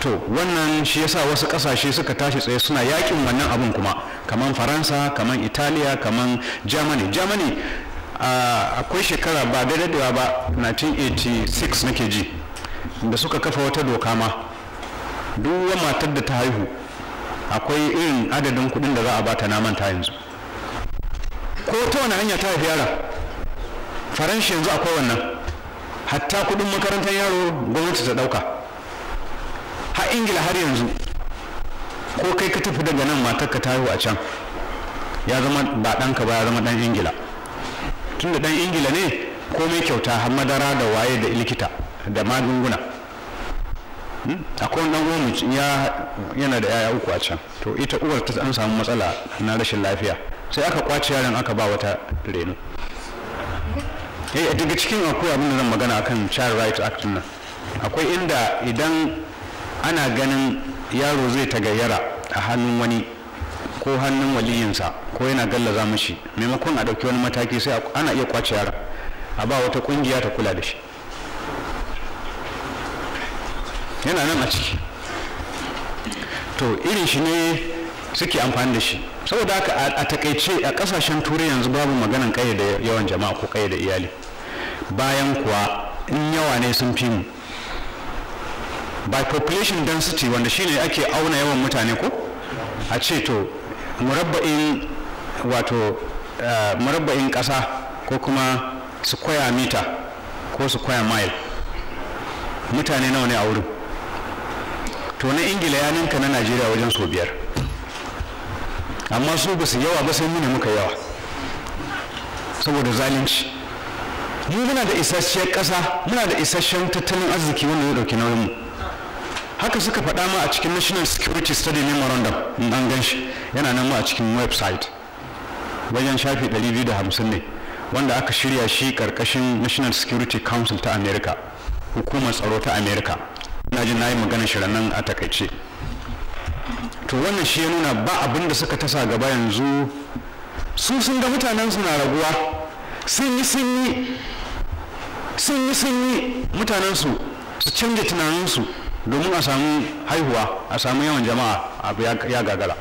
to wannan shi yasa wasu kasashe suka tashi tsaye suna yakin wannan abin kuma kamar faransa kamar italiya kamar germany germany akwai shekara ba da ba 1986 nake ji da suka kafa wata doka ma duk matar da ta haihu akwai irin adadin kuɗin da za a bata naman ta yanzu ko ta wani hanya ta haifi yara faranshi yanzu akwai wannan hatta kuɗin makarantar yaro gwamnati ta ɗauka har ingila har yanzu ko kai ka tafi daga nan matar ka ta haihu a can ya zama ba ka ba ya zama dan ingila tunda dan ingila ne komai kyauta har madara da waye da likita da magunguna akwai ɗan uwan ya yana da yaya uku a can to ita uwar ta an samu matsala na rashin lafiya sai aka kwace yaron aka ba wata reno eh daga cikin akwai abin da zan magana akan child right act nan akwai inda idan ana ganin yaro zai ta gayyara a hannun wani ko hannun waliyinsa ko yana gallaza mishi maimakon a ɗauki wani mataki sai ana iya kwace yaron a ba wata ƙungiya ta kula da shi yana nan a ciki to irin shi ne suke amfani da shi saboda haka a takaice a kasashen turai yanzu babu maganan kai da yawan jama'a ko kai da iyali bayan kuwa in yawa ne sun fi mu by population density wanda shine ake auna yawan mutane ko a ce to murabba'in wato eh, murabba'in kasa ko kuma square meter ko square mile mutane nawa ne a wurin to na ingila ya ninka na najeriya wajen sau biyar amma su ba yawa ba sai nuna muka yawa saboda zalunci mu muna da isasshiyar kasa muna da isasshen tattalin arziki wanda ya ɗauki nauyin mu haka suka faɗa ma a cikin national security study memorandum in an gan shi yana nan ma a cikin website wajen shafi 250 ne wanda aka shirya shi ƙarƙashin national security council ta america hukumar tsaro ta america na ji na yi magana shirannan a takaice to wannan shi ya nuna ba abin da suka tasa gaba yanzu su sun ga mutanen na raguwa sun yi sun yi sun yi sun mutanen su su canja tunaninsu domin a samu haihuwa a samu yawan jama'a abu ya gagara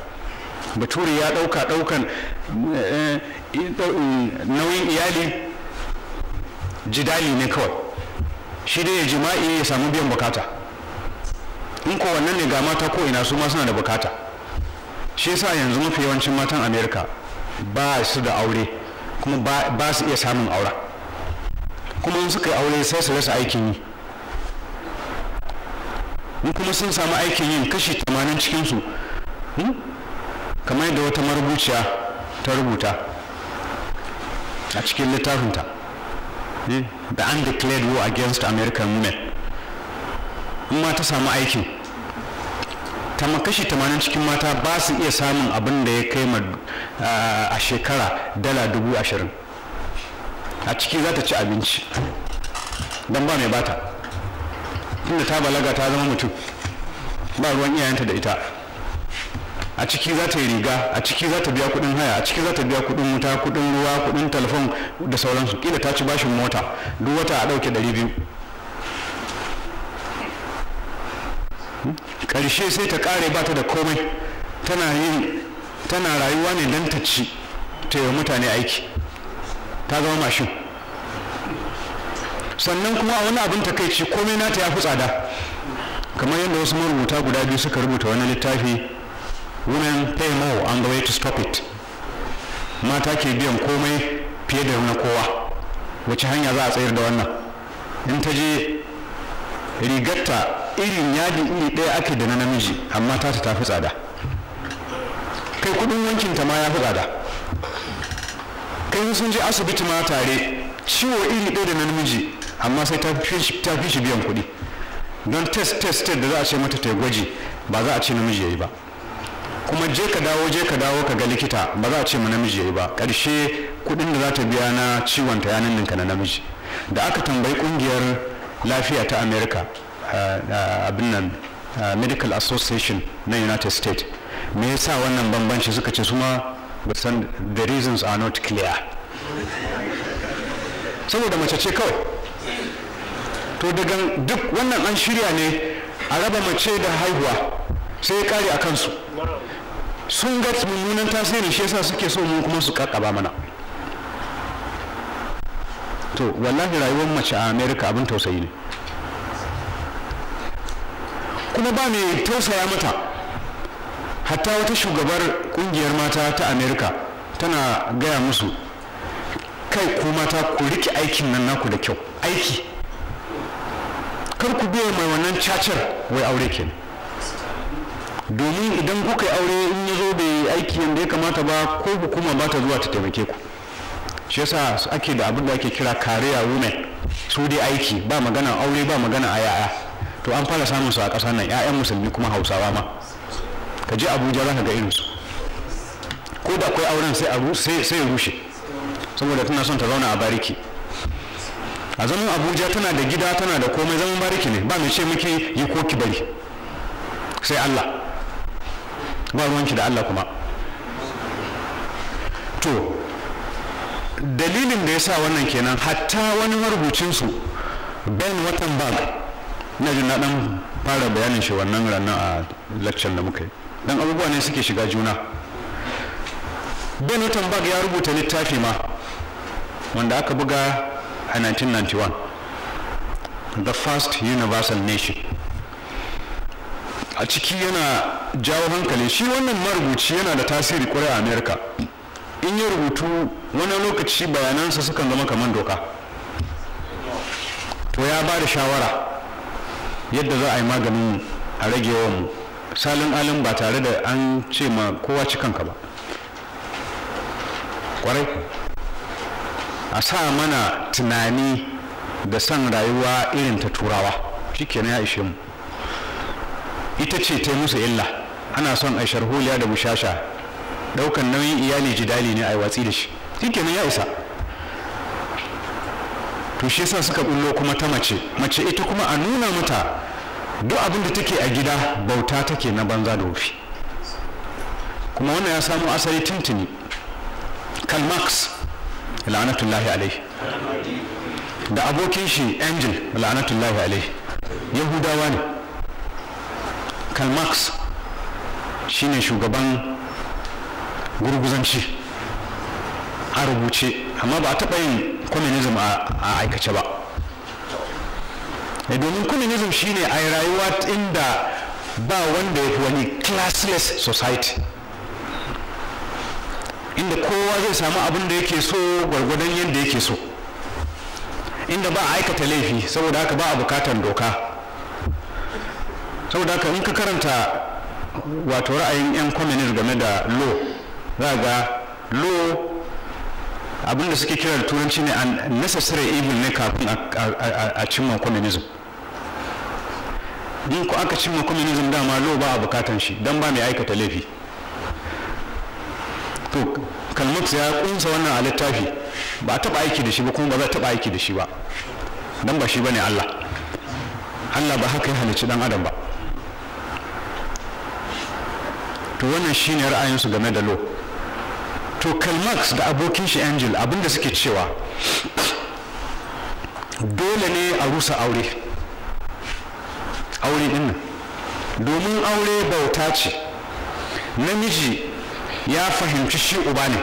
bature ya ɗauka ɗaukan eh, eh, nauyin iyali jidali ne kawai shi dai jima'i ya samu biyan bukata in ko wannan ne ga mata ko ina su ma suna da bukata shi yasa yanzu mafi yawancin matan america ba su da aure kuma ba su iya samun aura kuma in suka yi aure sai su rasa aikin yi in kuma sun samu aikin yin kashi tamanin cikinsu hmm, kamar yadda wata marubuciya ta rubuta a cikin littafinta hmm, the undeclared war against american women in ma ta samu aikin kashi tamanin cikin mata ba su iya samun abin da ya kai ah, a shekara dala dubu ashirin a ciki za ta ci abinci don ba mai bata inda ta balaga ta zama mutum ba ruwan iyayenta da ita a ciki za ta yi riga a ciki za ta biya kudin haya a ciki za ta biya kudin wuta kudin ruwa kudin telefon da sauransu kila ta ci bashin mota duk wata a dauke biyu. karshe sai ta kare bata da komai tana yin tana rayuwa ne don ta ci ta yi mutane aiki ta zama mashin sannan kuma a wani abin takaici komai na ta ya fi tsada kamar yadda wasu marubuta guda biyu suka rubuta wani littafi women pay more on the way to stop it mata ke biyan komai fiye da na kowa wace hanya za a tsayar da wannan in ta je rigarta irin yadi iri ɗaya ake da na namiji amma ta ta fi tsada kai kudin wankin ta ma ya fi tsada kai sun je asibiti ma tare ciwo iri ɗaya da na namiji amma sai ta fi shi biyan kuɗi don test test da za a ce mata ta gwaji ba za a ce namiji ya yi ba kuma je ka dawo je ka dawo ka ga likita ba za a ce ma namiji ya yi ba ƙarshe kuɗin da za ta biya na ciwon ta yanin ninka na namiji da aka tambayi ƙungiyar lafiya ta amerika Eh, eh, abin nan eh, medical association na united states me yasa wannan bambanci suka ce suma san the reasons are not clear saboda mace ce kawai to daga duk wannan an shirya ne a raba mace da haihuwa sai ya kare a kansu sun ga mummunan tasiri shi yasa suke so mu kuma su kakaba mana to wallahi rayuwar mace a america abin tausayi ne kuma ba mai tausaya mata hatta wata shugabar kungiyar mata ta amerika tana gaya musu kai ku mata ku rike aikin nan naku da kyau aiki kar ku biya mai wannan cacar wai aure kenan domin idan kuka yi aure in ya zo bai aiki yadda ya kamata ba ko hukuma ba ta zuwa ta taimake ku shi yasa ake da abin da ake kira kariya women su dai aiki ba magana aure ba magana a yaya to an fara samun su a ƙasa nan ƴaƴan musulmi kuma hausawa ma ka je abuja za ka ga irinsu ko da akwai auren sai ya rushe saboda tana son ta zauna a bariki a zaman abuja tana da gida tana da komai zaman bariki ne ba mai ce muke yi ko ki bari sai allah ba ruwanki da allah kuma to dalilin da ya sa wannan kenan hatta wani marubucinsu ben wattenberg ina jin na fara bayanin shi wannan ranar a lecture da muka yi dan abubuwa ne suke shiga juna ben wittenberg ya rubuta littafi ma wanda aka buga a 1991 the first universal nation a ciki yana jawo hankali shi wannan marubuci yana da tasiri kwarai a Amerika in ya rubutu wani lokaci bayanansa sukan zama kamar doka to ya ba da shawara yadda za a yi maganin a rage yawan mu salin alin ba tare da an ce ma kowa ci ba kwarai a sa mana tunani da san rayuwa irin ta turawa shikenan ya ishe mu ita ce ta musu illa ana son aishar sharholiya da bushasha daukan nauyin iyali jidali ne a watsi da shi shikenan ya isa to shi yasa suka bullo kuma ta mace mace ita kuma a nuna mata duk abin da take a gida bauta take na banza da wufi kuma wannan ya samu asali tintini karl marx la'anatullahi alaihi da abokin shi angel la'anatullahi alaihi yahudawa ne karl marx shine shugaban gurguzanci a rubuce amma ba a taɓa yin communism a aikace ba eh, domin communism shine a rayuwa inda ba wanda ya fi wani classless society inda kowa zai samu abin da yake so gwargwadon yadda yake so inda ba a aikata laifi saboda haka ba a bukatan doka saboda haka in ka karanta wato ra'ayin 'yan communist game da law za ga law abinda suke kira da turanci ne a necessary evil ne kafin a cimma communism in ku aka cimma communism dama lo ba a bukatan shi don ba mai aikata laifi to kalmux ya kunsa wannan a littafi ba taba aiki da shi ba kuma ba za taba aiki da shi ba don ba shi ba ne allah allah ba haka ya halicci dan adam ba to wannan shine ra'ayinsu game da lo to kalmax da abokin shi angel abinda suke cewa dole ne a rusa aure aure din nan domin aure bauta ce namiji ya fahimci shi uba ne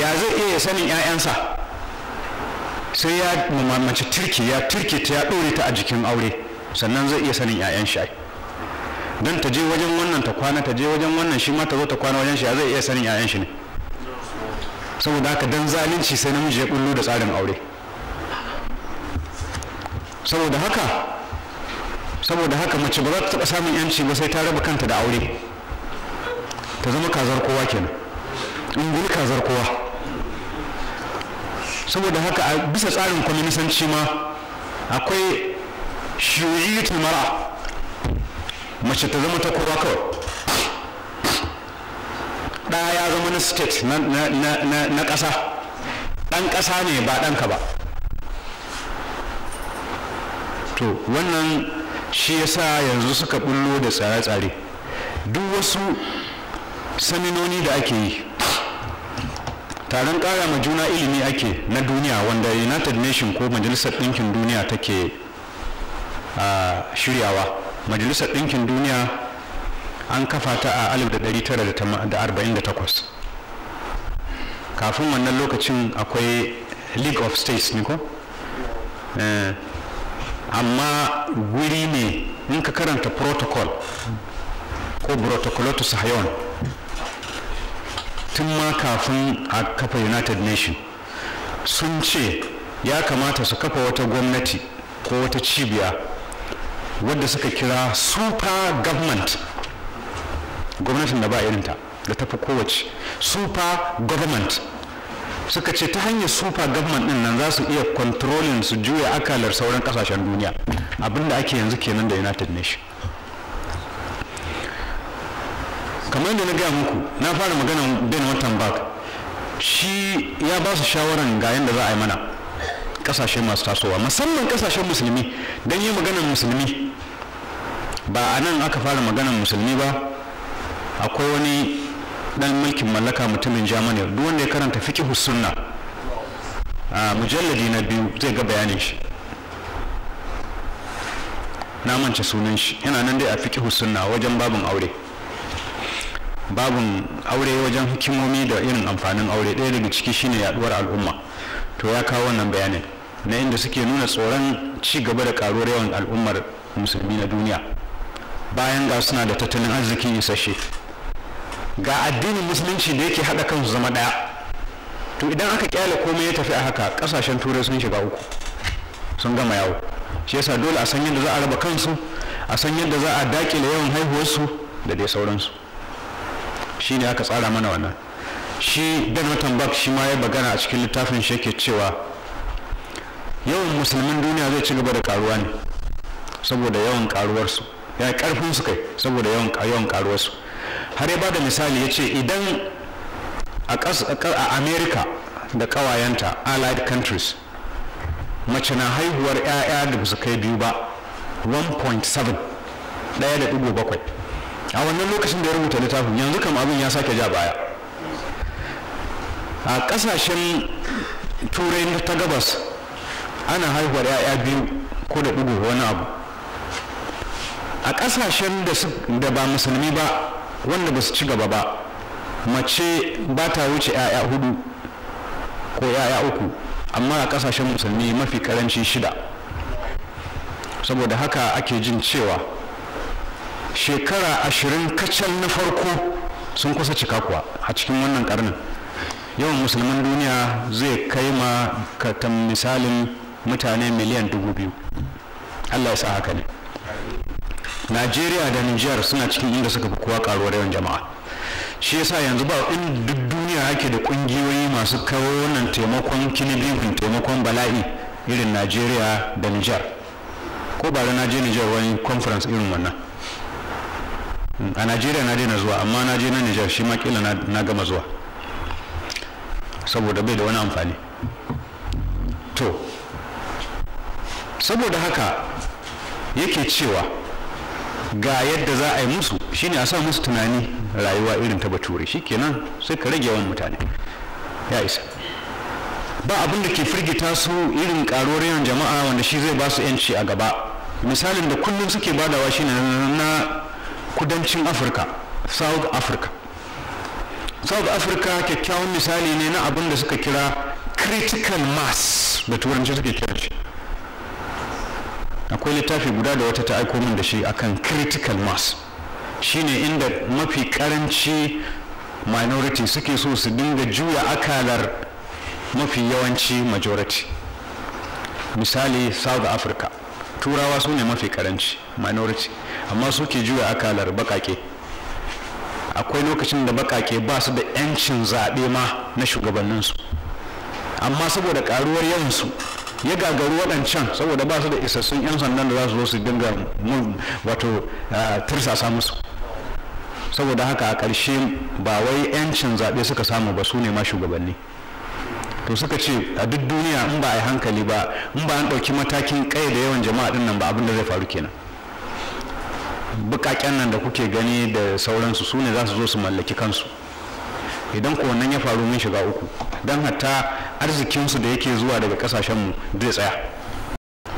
ya zai iya sanin 'ya'yansa sai ya mamaci turki ya turki ta ya ɗore ta a jikin aure sannan zai iya sanin 'ya'yan shi don ta je wajen wannan ta kwana ta je wajen wannan shi ma ta zo ta kwana wajen shi a zai iya sanin 'ya'yan shi ne saboda haka dan zalunci sai namiji ya kullu da tsarin aure saboda haka saboda haka mace ba za ta taɓa samun yanci ba sai ta raba kanta da aure ta zama kazar kowa kenan in guri kazar kowa saboda haka a bisa tsarin kwaminisanci ma akwai shiyuyitul mara mace ta zama ta kowa kawai ɗaya ya zama na state na ƙasa ɗan ƙasa ne ba ɗanka ba to wannan shi ya sa yanzu suka bullo da tsare-tsare duk wasu saminoni da ake yi taron ƙara ma juna ilimi ake na duniya wanda united nation ko majalisar ɗinkin duniya take ah, shiryawa majalisar ɗinkin duniya an kafa ta a 1948 kafin wannan lokacin akwai league of states ne ko eh, amma guri ne in ka karanta protocol ko protocolatus sahayon tun ma kafin a kafa united nation sun ce ya kamata su kafa wata gwamnati ko wata cibiya wadda suka kira super government gwamnatin da ba irinta da tafi kowace super government suka ce ta hanyar super government din nan za su iya controlling su juya akalar sauran kasashen duniya abinda ake yanzu kenan da united nation kamar yadda na gaya muku na fara magana watan bak shi ya ba su shawaran ga yadda za a yi mana kasashe masu tasowa musamman kasashen musulmi don yi maganar musulmi ba a nan aka fara maganar musulmi ba akwai wani dan mulkin mallaka mutumin germany duk wanda ya karanta fikihu sunna a mujalladi na biyu zai ga bayanin shi na mance sunan shi yana nan dai a fikihu sunna wajen babin aure babin aure wajen hikimomi da irin amfanin aure ɗaya daga ciki shine yaduwar al'umma to ya kawo wannan bayanin na inda suke nuna tsoron ci gaba da karuwar yawan al'ummar musulmi na duniya bayan ga suna da tattalin arziki isasshe ga addinin musulunci da yake haɗa kansu zama ɗaya to idan aka kyale komai ya tafi a haka ƙasashen turai sun shiga uku sun gama yawo shi yasa dole a san yadda za a raba kansu a san yadda za a dakile yawan haihuwarsu da dai sauransu shi ne aka tsara mana wannan shi watan bak shi ma ya bagana a cikin littafin shi yake cewa yawan musulmin duniya zai ci gaba da karuwa ne saboda yawan karuwarsu ya karfin su kai saboda yawan yawan karuwar har ya bada misali ya ce idan a america da kawayenta allied countries mace na haihuwar 'ya'ya da su kai biyu ba 1.7 ɗaya da bakwai a wannan lokacin da ya rubuta littafin yanzu kam abin ya sake ja baya a kasashen turai ta gabas ana haihuwar 'ya'ya biyu ko da ɗigo wani abu a kasashen da ba musulmi ba wanda ba su ci gaba ba mace ba ta wuce 'ya'ya hudu ko 'ya'ya uku amma a ƙasashen musulmi mafi karanci shida saboda haka ake jin cewa shekara ashirin kacal na farko sun kusa cika kuwa a cikin wannan karnin yawan musulman duniya zai kai ma katan misalin mutane miliyan dubu biyu allah ya sa haka ne najeriya da nijar suna cikin inda suka fi kowa karuwar yawan jama'a shi yasa yanzu ba in duk duniya ake da kungiyoyi masu kawo wannan taimakon kinibin taimakon bala'i irin najeriya da nijar ko ba da na je nijar wani conference irin wannan a najeriya na daina zuwa amma na je na nijar shi ma kila na gama zuwa saboda bai da wani amfani to saboda haka yake cewa ga yadda za a yi musu shine a sa musu tunani rayuwa irin ta bature shikenan sai ka rage yawan mutane ya isa ba abin da ke firgita su irin karuwar yawan jama'a wanda shi zai ba su yanci a gaba misalin da kullum suke badawa shine na kudancin afirka south africa south africa kyakkyawan misali ne na abin da suka kira critical mass da turanci suke kira shi akwai littafi guda da wata ta aiko min da shi akan critical mass shine inda mafi karanci minority suke so su dinga juya akalar mafi yawanci majority misali south africa turawa su ne mafi karanci minority amma suke juya akalar bakake akwai lokacin da bakake ba su da 'yancin zaɓe ma na shugabanninsu amma saboda karuwar yawansu ya gagaru waɗancan saboda ba su da isassun 'yan sandan da za su zo su dinga mun wato ah, tirsasa musu saboda haka a ƙarshe ba wai 'yancin zaɓe suka samu ba su ne ma shugabanni to suka ce a duk duniya in ba a yi hankali ba in ba an ɗauki matakin ƙaya da yawan jama'a ɗin nan ba abin da zai faru kenan bukaken nan da kuke gani da sauransu su ne za su zo su mallaki kansu idan ko ya faru mun shiga uku don hatta arzikinsu da yake zuwa daga kasashenmu zai tsaya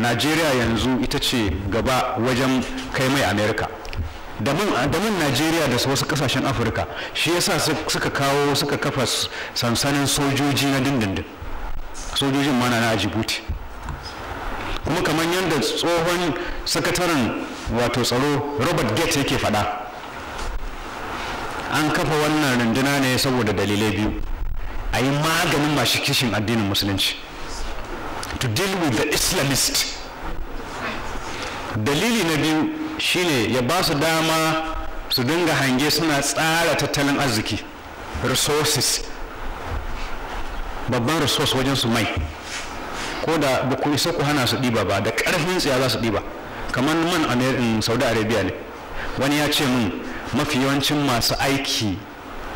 najeriya yanzu ita ce gaba wajen kai mai amerika da mun najeriya da wasu kasashen afirka shi yasa suka kawo suka kafa sansanin sojoji na dindindin sojojin mana na jibuti kuma kamar yadda tsohon sakataren wato tsaro robert gates yake faɗa an kafa wannan runduna ne saboda dalilai biyu a yi maganin masu kishin addinin musulunci to deal with the islamist dalili na biyu shine ya ba su dama su dinga hange suna tsara tattalin arziki resources babban resource wajen su mai ko da ba ku isa ku hana su ɗiba ba da ƙarfin tsiya za su ɗiba kamar man saudi arabia ne wani ya ce min mafi yawancin masu aiki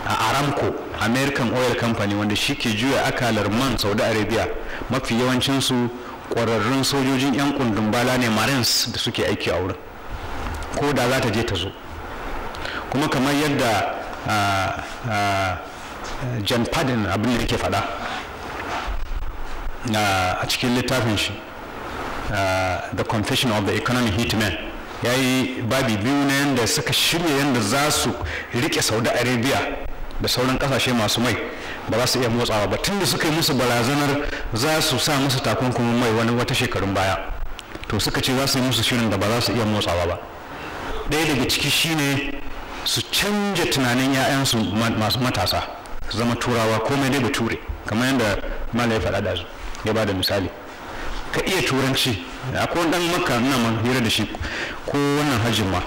a aramco american oil company wanda shi ke juya akalar man saudi arabia mafi yawancinsu ƙwararrun sojojin 'yan kundin bala ne marines da suke aiki a wurin ko da za ta je ta zo kuma kamar yadda ah, ah, jan padin abin da yake faɗa ah, a cikin littafin shi the confession of the economic hitman ya yi babi biyu na yadda suka shirya yadda za su rike saudi arabia da sauran kasashe masu mai ba za su iya motsawa ba tun da suka yi musu barazanar za su sa musu takunkumin mai wani wata shekarun baya to suka ce za su yi musu shirin da ba za su iya motsawa ba ɗaya daga ciki shine su canja tunanin 'ya'yansu masu matasa zama turawa komai dai ture kamar yadda mala ya faɗa da ya ba da misali ka iya turanci akwai ɗan maka na man hira da shi ko wannan hajjin ma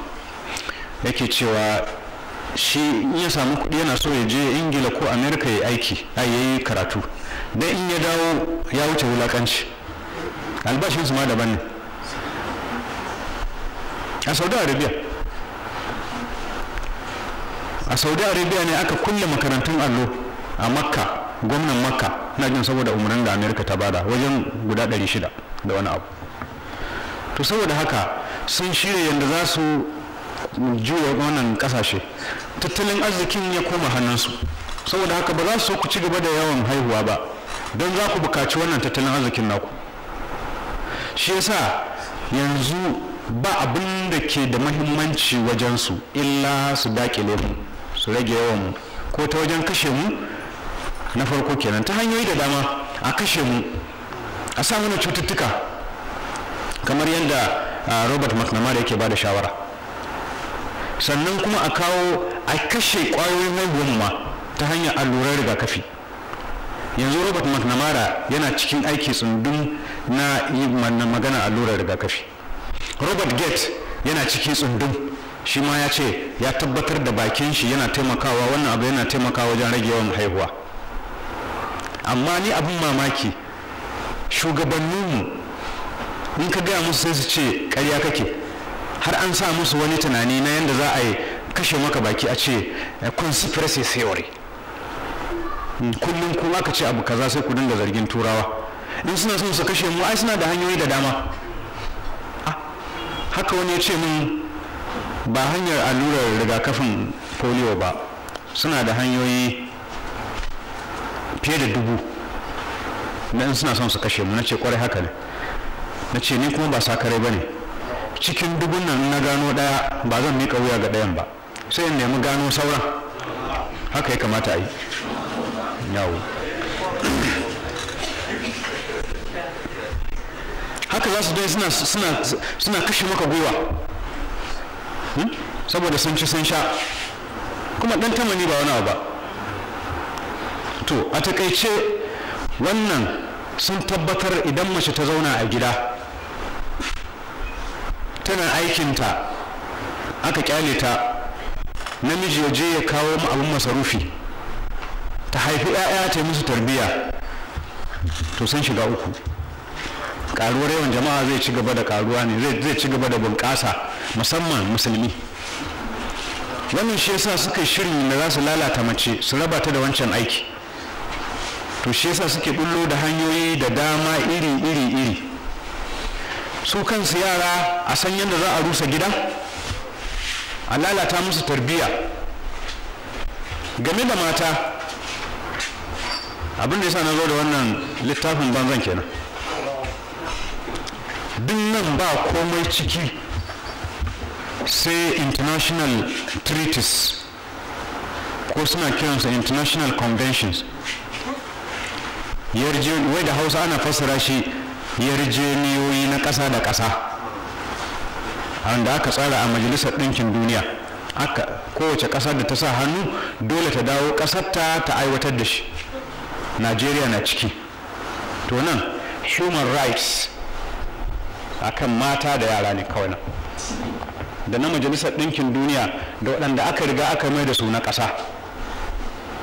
yake cewa shi in ya samu kuɗi yana so ya je ingila ko amerika ya aiki a yayi karatu dan in ya dawo ya wuce wulakanci albashin su ma daban ne a saudi arabia a saudi arabia ne aka kulle makarantun allo a makka gwamnan makka na jin saboda umarnin da amerika ta bada wajen guda 600 da wani abu to saboda haka sun shirya yadda za su juya wannan kasashe tattalin arzikin ya koma hannunsu saboda haka ba za su so ku ci gaba da yawan haihuwa ba don za ku bukaci wannan tattalin arzikin naku shi yasa yanzu ba abin da ke da mahimmanci wajensu illa su dakile mu su rage yawan mu ko ta wajen kashe mu na farko kenan ta hanyoyi da dama a kashe mu a sa mana cututtuka kamar yadda ah, robert mcnamara yake ba da shawara sannan kuma a kawo a kashe kwayoyin haihuwan ma ta hanyar allurar rigakafi yanzu robert mcnamara yana cikin aiki tsundun na magana allurar rigakafi robert gates yana cikin tsundun shi ma ya ce ya tabbatar da bakin shi yana taimakawa wannan abu yana taimakawa wajen rage yawan haihuwa amma ni abin mamaki shugabanninmu in ka gaya musu sai su ce karya kake har an sa musu wani tunani na yadda za a yi kashe maka baki a ce conspiracy eh, theory mm, kullum kuma aka ce abu kaza sai ku da zargin turawa in suna son su kashe mu ai suna da hanyoyi da dama ah, haka wani ya ce min ba hanyar allurar rigakafin polio ba suna da hanyoyi fiye da dubu na in suna son su kashe mu na ce kwarai haka ne na ce ni kuma ba sakarai ba ne cikin dubun nan na gano daya ba zan mika wuya ga dayan ba sai in nemi gano sauran haka ya kamata a yi yawo haka za su dai suna kashe maka gwiwa hmm? saboda sun ci sun sha kuma dan tamani ba wani abu ba to a takaice wannan sun tabbatar idan mace ta zauna a gida tana aikinta aka kyale ta namiji ya je ya kawo mu abin masarufi ta haifi 'ya'ya ta yi musu tarbiyya to sun shiga uku karuwar yawan jama'a zai ci gaba da karuwa ne zai ci gaba da bunƙasa musamman musulmi wannan shi yasa suka shirin da za su lalata mace su raba ta da wancan aiki to shi yasa suke bullo da hanyoyi da dama iri iri iri su kansu yara a san yadda za a rusa gida a lalata musu tarbiya game da mata abin da yasa na zo da wannan littafin banzan kenan duk nan ba komai ciki sai international treaties ko suna kiransa international conventions wai da hausa ana fassara shi yarjeniyoyi na ƙasa da ƙasa wanda aka tsara a majalisar ɗinkin duniya aka kowace ƙasar da ta sa hannu dole ta dawo ƙasarta ta aiwatar da shi najeriya na ciki to nan human rights akan mata da yara ne kawai nan da na majalisar ɗinkin duniya da waɗanda aka riga aka mai da su na ƙasa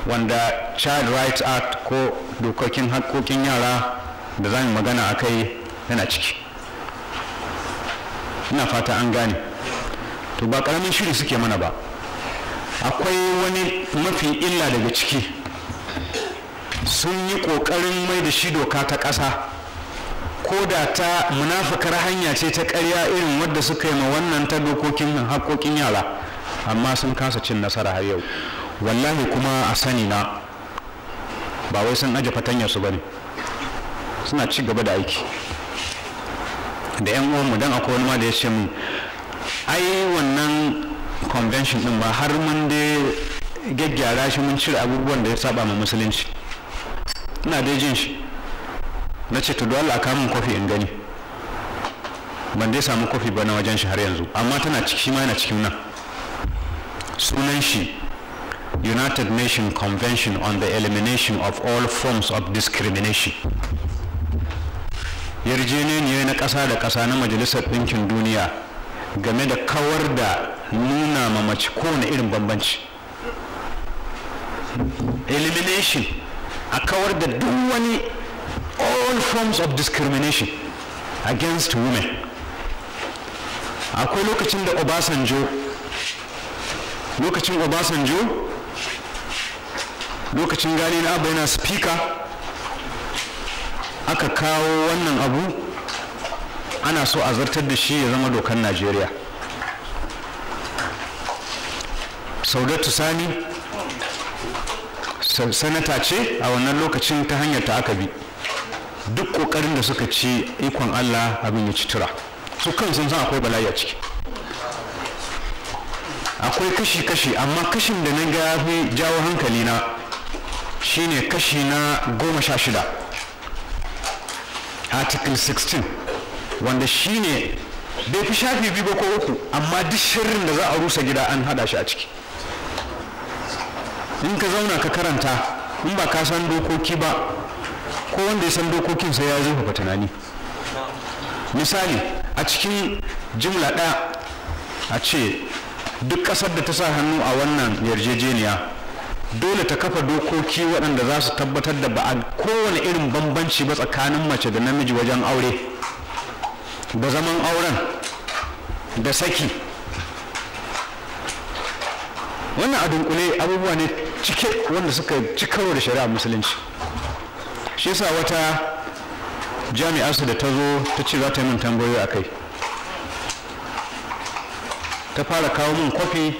wanda child rights act ko dokokin haƙƙoƙin yara da za magana a kai yana ciki ina fata an gane to ba karamin shiri suke mana ba akwai wani mafi illa daga ciki sun yi ƙoƙarin mai da shi doka ta ƙasa ko da ta munafukar hanya ce ta ƙarya irin wadda suka yi ma wannan ta dokokin haƙoƙin yara amma sun kasa cin nasara har yau wallahi kuma a sani na ba wai sun aje fatanya ba ne suna ci gaba da aiki da yan uwanmu don akwai wani ma da ya ce mu ai wannan convention din ba har mun da gaggyara shi mun cire abubuwan da ya saba ma musulunci ina dai jin shi na ce to dole a kamun kofi in gani ban dai samu kofi ba na wajen shi har yanzu amma tana ciki ma yana cikin nan sunan shi united nations convention on the elimination of all forms of discrimination yarjejeniya na ƙasa da ƙasa na majalisar ɗinkin duniya game da kawar da nuna ma mace kowane irin bambanci elimination a kawar da duk wani all forms of discrimination against women akwai lokacin da obasanjo lokacin obasanjo lokacin gani na abu yana speaker aka kawo wannan abu ana so a zartar da shi ya zama dokar najeriya saudatu sani sanata ce a wannan lokacin ta hanyar ta aka bi duk kokarin da suka ci ikon allah abin ya ci tura su kan sun san akwai bala'i a ciki akwai kashi-kashi amma kashin da na ga fi jawo hankali na shine kashi na goma sha shida article 16 wanda shine bai fi shafi biyu ba ko uku amma duk shirin da za a rusa gida an hada shi a ciki in ka zauna ka karanta in ba ka san dokoki ba ko wanda ya san dokokin sai ya ka tunani misali a cikin jimla ɗaya a ce duk ƙasar da ta sa hannu a wannan yarjejeniya dole ta kafa dokoki waɗanda za su tabbatar da ba a kowane irin bambanci ba tsakanin mace da namiji wajen aure da zaman auren da saki wannan a dunkule abubuwa ne cike wanda suka ci karo da shari'a musulunci shi yasa wata jami'arsu da ta zo ta ce za ta yi min tambayoyi a kai ta fara kawo min kwafi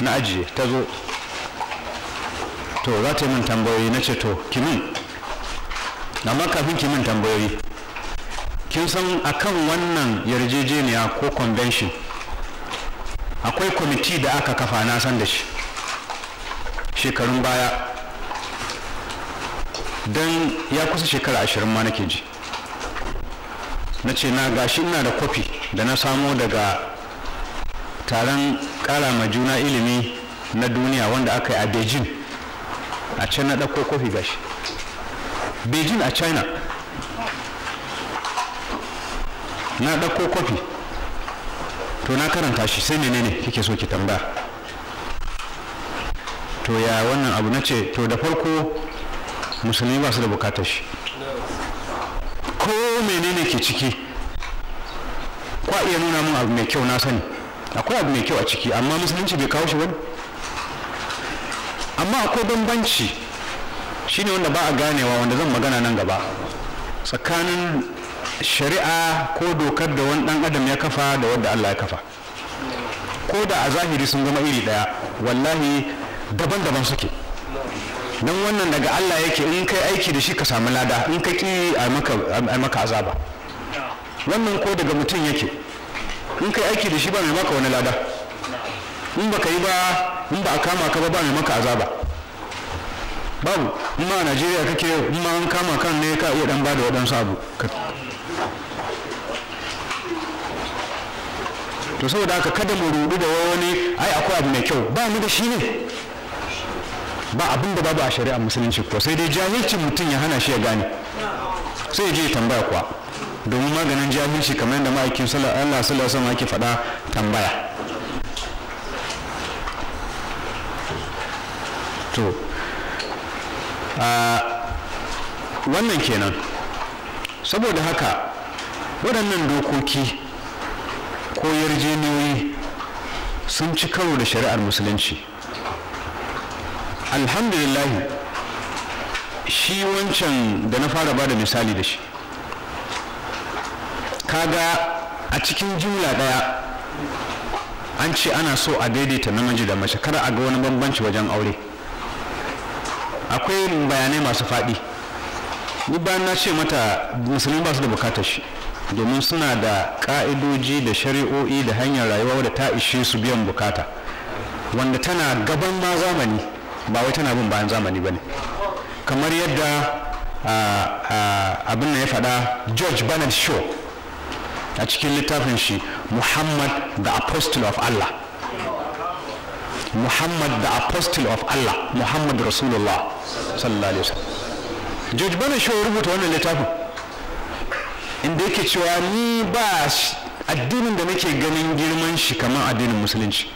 na ajiye ta zo to za ta yi min tambayoyi na ce to kimin amma kafin kimin tambayoyi kin san akan wannan yarjejeniya ko convention akwai kwamiti da aka kafa na san da shi shekarun baya don ya kusa shekara ashirin ma nake ji na ce na gashi ina da kwafi da na samo daga taron kara ma juna ilimi na duniya wanda aka yi a beijing a can na ɗauko kofi gashi beijing a china na ɗauko kofi to na karanta shi sai menene kike so ki tambaya to ya wannan abu na ce to da farko musulmi ba su da bukatar shi ko menene ke ciki kwa iya nuna mun abu mai kyau na sani akwai abu mai kyau a ciki amma musulunci bai kawo shi wani amma akwai bambanci shine wanda ba a ganewa wanda zan magana nan gaba tsakanin shari'a ko dokar da wani dan adam ya kafa da wadda Allah ya kafa ko da a zahiri sun zama iri daya wallahi daban-daban suke don wannan daga Allah yake in kai aiki da shi ka samu lada in ka ki a maka azaba wannan ko daga mutum yake in kai aiki da shi ba mai maka wani lada in ba ka yi ba in ba a kama ka ba ba mai maka azaba babu in ma a najeriya kake in ma an kama kan ne ka iya dan ba da waɗansu abu to saboda haka kada mu rudu da wani ai akwai abu mai kyau ba mu da shi ne ba abin da babu a shari'a musulunci ko sai dai jahilci mutum ya hana shi ya gane sai ya je tambaya kuwa domin maganin jahilci kamar yadda ma'aikin sallallahu alaihi wasallam ake faɗa tambaya to ah, wannan kenan saboda haka waɗannan dokoki ko yarjejeniyoyi sun ci karo da shari'ar musulunci alhamdulillah shi wancan da na fara ba da misali da shi kaga a cikin jumla daya an ce ana so a daidaita namiji da mace kada a ga wani bambanci wajen aure akwai bayanai masu faɗi ni ba na ce mata musulmi ba su da bukatar shi domin suna da ƙa'idoji da shari'o'i da hanyar rayuwa wadda ta ishe su biyan bukata wanda tana gaban ma zamani ba wai tana bin bayan zamani ba ne kamar yadda abin da ya faɗa george bernard shaw a cikin littafin shi muhammad the apostle of allah muhammad the apostle of allah muhammad rasulullah sallallahu alaihi wasallam george bana shaw rubuta wannan littafin inda yake cewa ni ba addinin da nake ganin girman shi kamar addinin musulunci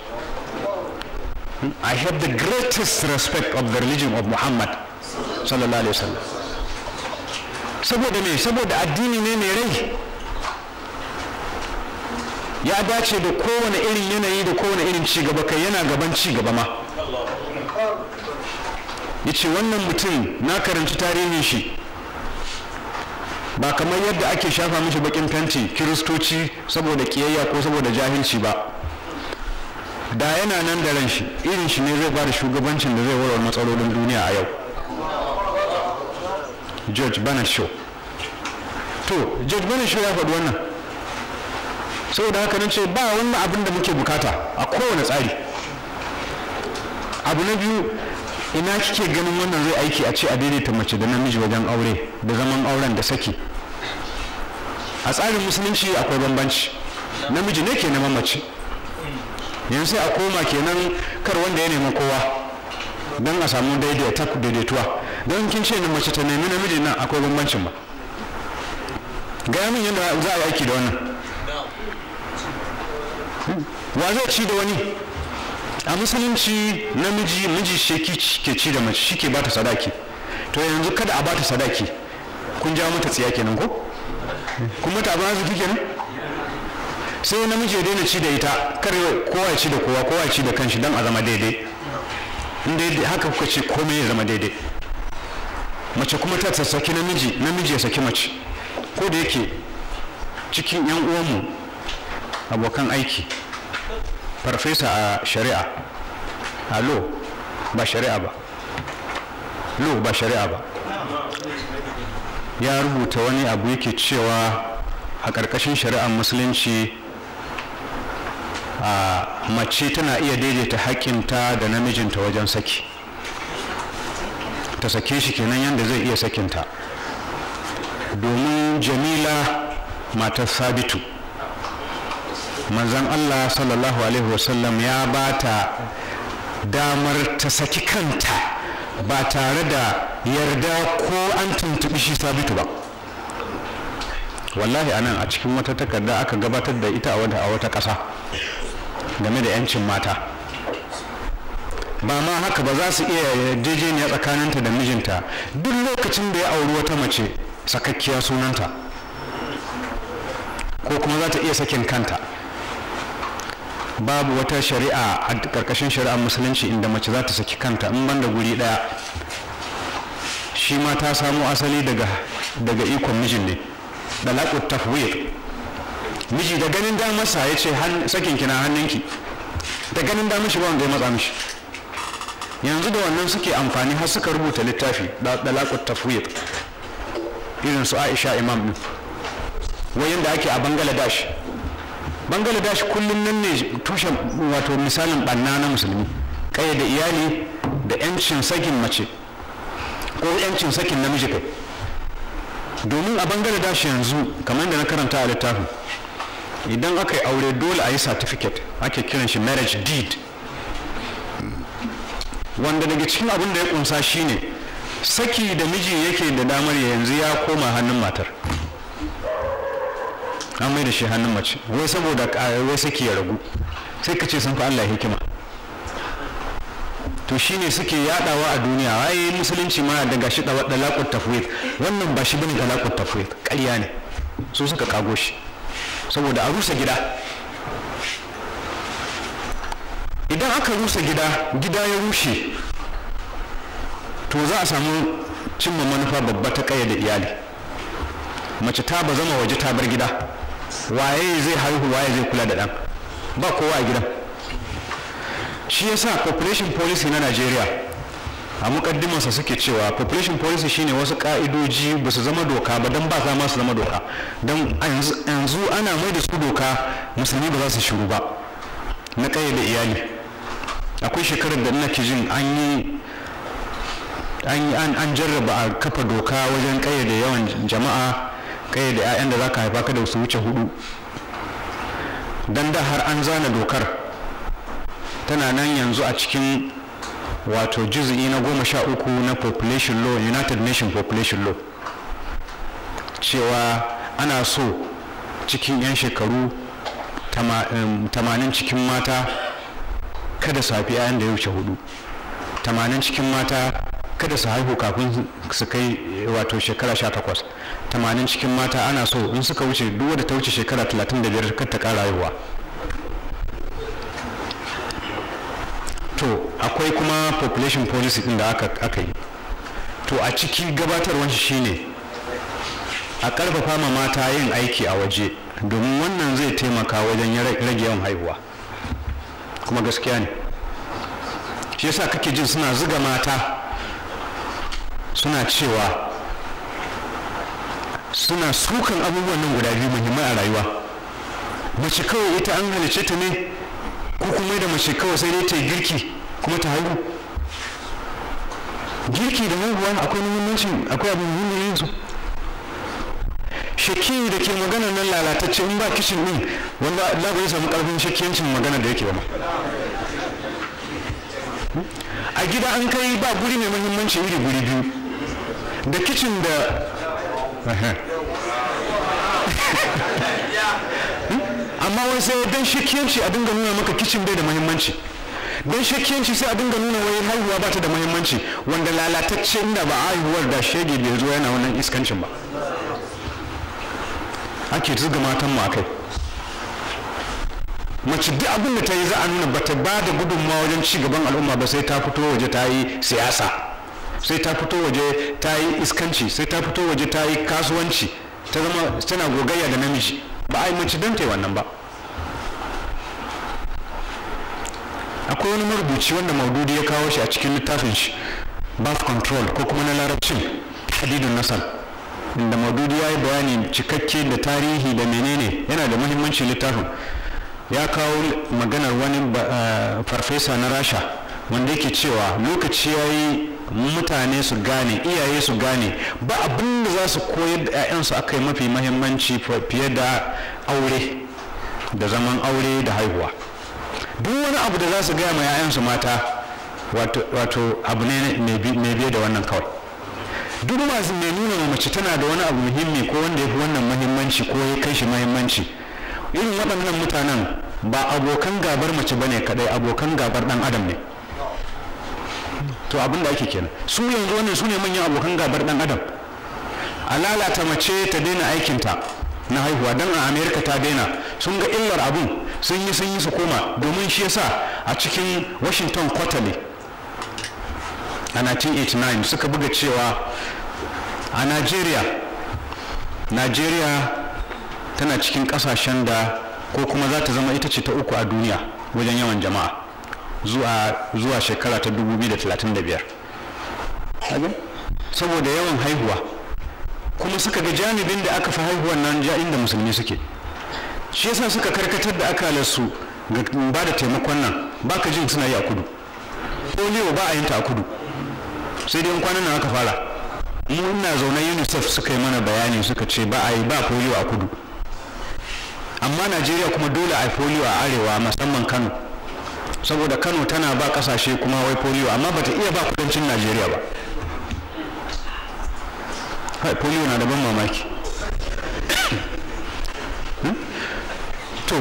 I have the greatest respect of the religion of Muhammad sallallahu alaihi wasallam saboda me saboda addini ne mai rai ya dace da kowane irin yanayi da kowane irin cigaba kai yana gaban cigaba ma ya ce wannan mutum na karanci tarihin shi ba kamar yadda ake shafa mishi bakin fenti kiristoci saboda kiyayya ko saboda jahilci ba da yana nan da ran shi irin shi ne zai ba da shugabancin da zai warwar matsalolin duniya a yau george bernard shaw to george bernard shaw ya faɗi wannan saboda haka nan ce ba wannan abin da muke bukata a kowane tsari abu na biyu ina kike ganin wannan zai aiki a ce a daidaita mace da namiji wajen aure da zaman auren da saki a tsarin musulunci akwai bambanci namiji ne ke na mace yanzu sai a koma kenan kar wanda ya nemi kowa don a samu daidaituwa don kin ce na mace ta nemi namiji nan akwai bambancin ba gaya min yadda za a yi aiki da wannan wa zai ci da wani a musulunci namiji miji sheki ke ci da mace shi ke bata sadaki to yanzu kada a bata sadaki kun jawo mata tsiya kenan ko kuma ta ba arziki kenan sai namiji ya daina ci da ita kar kowa ya ci da kowa kowa ya ci da kanshi dan a zama daidai in haka kuka ce komai ya zama daidai mace kuma ta sassaki namiji namiji ya saki mace ko da yake cikin yan uwanmu abokan aiki farfesa a shari'a a lo ba shari'a ba lo ba shari'a ba ya rubuta wani abu yake cewa a ƙarƙashin shari'ar musulunci a mace tana iya daidaita haƙƙinta da namijinta wajen saki ta sake shi kenan yadda zai iya sakinta domin jamila matar sabitu manzan allah sallallahu alaihi wasallam ya ba ta damar ta saki kanta ba tare da yarda ko an tuntuɓi shi sabitu ba wallahi anan a cikin wata takarda aka gabatar da ita a wata ƙasa game da 'yancin mata ba ma haka ba za su iya yarjejeniya tsakaninta da mijinta duk lokacin da ya auri wata mace sakakkiya sunanta ko kuma za ta iya sakin kanta babu wata shari'a a ƙarƙashin shari'ar musulunci inda mace za ta saki kanta in banda guri ɗaya shi ma ta samo asali daga daga ikon mijin ne dalaqut tafwid miji da ganin damarsa ya ce sakin kina hannunki da ganin damar shi wanda ya matsa mishi yanzu da wannan suke amfani har suka rubuta littafi da dalaqut tafwid irin su Aisha Imam din wayan da ake a bangaladesh bangladesh kullum nan ne tushen wato misalin banna na musulmi kai da iyali da yancin sakin mace ko yancin sakin namiji kai domin a bangladesh yanzu kamar da na karanta a littafin idan aka yi aure dole a yi certificate ake kiran shi marriage deed wanda daga cikin abin da ya kunsa shine saki da miji yake da damar yanzu ya koma hannun matar an mai da shi hannun mace wai saboda wai suke ya ragu sai ka ce sun fi Allah hikima to shine suke yadawa a duniya waye musulunci ma da gashi da wadda laqut tafwid wannan ba shi bane da laqut tafwid ƙarya ne su suka kago shi saboda a rusa gida idan aka rusa gida gida ya rushe to za a samu cimma manufa babba ta kayyade iyali mace ta ba zama waje ta bar gida waye zai haihu waye zai kula da dan ba kowa a gidan shi yasa population policy na najeriya a mukaddimansa suke cewa population policy shine wasu ka'idoji ba su zama doka ba don ba za ma su zama doka don yanzu ana mai da su doka musulmi ba za su shiru ba na da iyali akwai shekarar da nake jin an yi an jarraba a kafa doka wajen da yawan jama'a kai da 'ya'yan da za ka haifa kada su wuce hudu don da har an zana dokar tana nan yanzu a cikin wato juzi'i na goma sha uku na population law united nation population law cewa ana so cikin 'yan shekaru tamanin cikin mata kada su haifi 'ya'yan da ya wuce hudu tamanin cikin mata kada su haihu kafin su kai wato shekara sha takwas tamanin cikin mata ana so in suka wuce duk wadda ta wuce shekara talatin da biyar kar ta kara haihuwa to akwai kuma population policy din da aka yi to a ciki gabatarwar shi shine a karfafa ma mata yin aiki a waje domin wannan zai taimaka wajen rage yawan haihuwa kuma gaskiya ne shi yasa kake jin suna zuga mata suna cewa suna sukan abubuwan nan guda biyu muhimman a rayuwa mace kawai ita an halice ta ne ko kuma da mace kawai sai dai ta yi girki kuma ta haihu girki da haihuwa akwai muhimmanci akwai abu muhimmin yin su shaki da ke magana nan lalatacce in ba kishin din wanda za ku yi samu karfin shekkiyancin magana da yake ba a gida an kai ba guri mai muhimmanci iri guri biyu da kicin da amma wai sai dan shakiyanci a dinga nuna maka kicin bai da muhimmanci dan shakiyanci sai a dinga nuna wai haihuwa ba ta da muhimmanci wanda lalatacce inda ba haihuwar da shege bai zo yana wannan iskancin ba ake zuga matan mu akai mace duk abin da ta yi za a nuna ta ba da gudunmawa wajen ci gaban al'umma ba sai ta fito waje ta yi siyasa sai ta fito waje ta yi iskanci sai ta fito waje ta yi kasuwanci ta zama tana gogayya da namiji ba a yi mace don ta wannan ba akwai wani marubuci wanda maududi ya kawo shi a cikin littafin shi birth control ko kuma na larabcin hadidun nasal da maududi ya yi bayani cikakke da tarihi da menene yana da muhimmanci littafin ya kawo maganar wani eh, farfesa na rasha wanda yake cewa lokaci ya yi mutane su gane iyaye su gane ba abin da za su koyar da 'ya'yansu aka yi mafi mahimmanci fiye da aure da zaman aure da haihuwa duk wani abu da za su gaya ma 'ya'yansu mata wato abu ne mai biye da wannan kawai duk masu mai nuna mace tana da wani abu muhimmi ko wanda ya fi wannan mahimmanci ko ya kai shi mahimmanci irin waɗannan mutanen ba abokan gabar mace bane kadai abokan gabar ɗan adam ne to abin da ake kenan su yanzu wannan su ne manyan abokan gabar dan adam a lalata mace ta daina aikinta na haihuwa don a amerika ta daina sun ga illar abun sun yi sun yi su koma domin shi yasa a cikin washington quarterly a 1989 suka buga cewa a nigeria nigeria tana cikin kasashen da ko kuma za ta zama ita ce ta uku a duniya wajen yawan jama'a zuwa shekara ta biyar. saboda yawan haihuwa kuma suka ga janibin da aka fi haihuwan nan ja inda musulmi suke shi yasa suka karkatar da akalarsu ga ba da taimakon nan ba ka jin suna yi a kudu polio ba a yin ta a kudu sai dai kwanan nan aka fara mu ina zaune unicef suka yi mana bayani suka ce ba a yi ba polio a kudu amma najeriya kuma dole a polio a arewa musamman kano saboda kano tana ba kasashe kuma wai polio amma bata iya ba kudancin najeriya ba hai polio na da mamaki hmm? to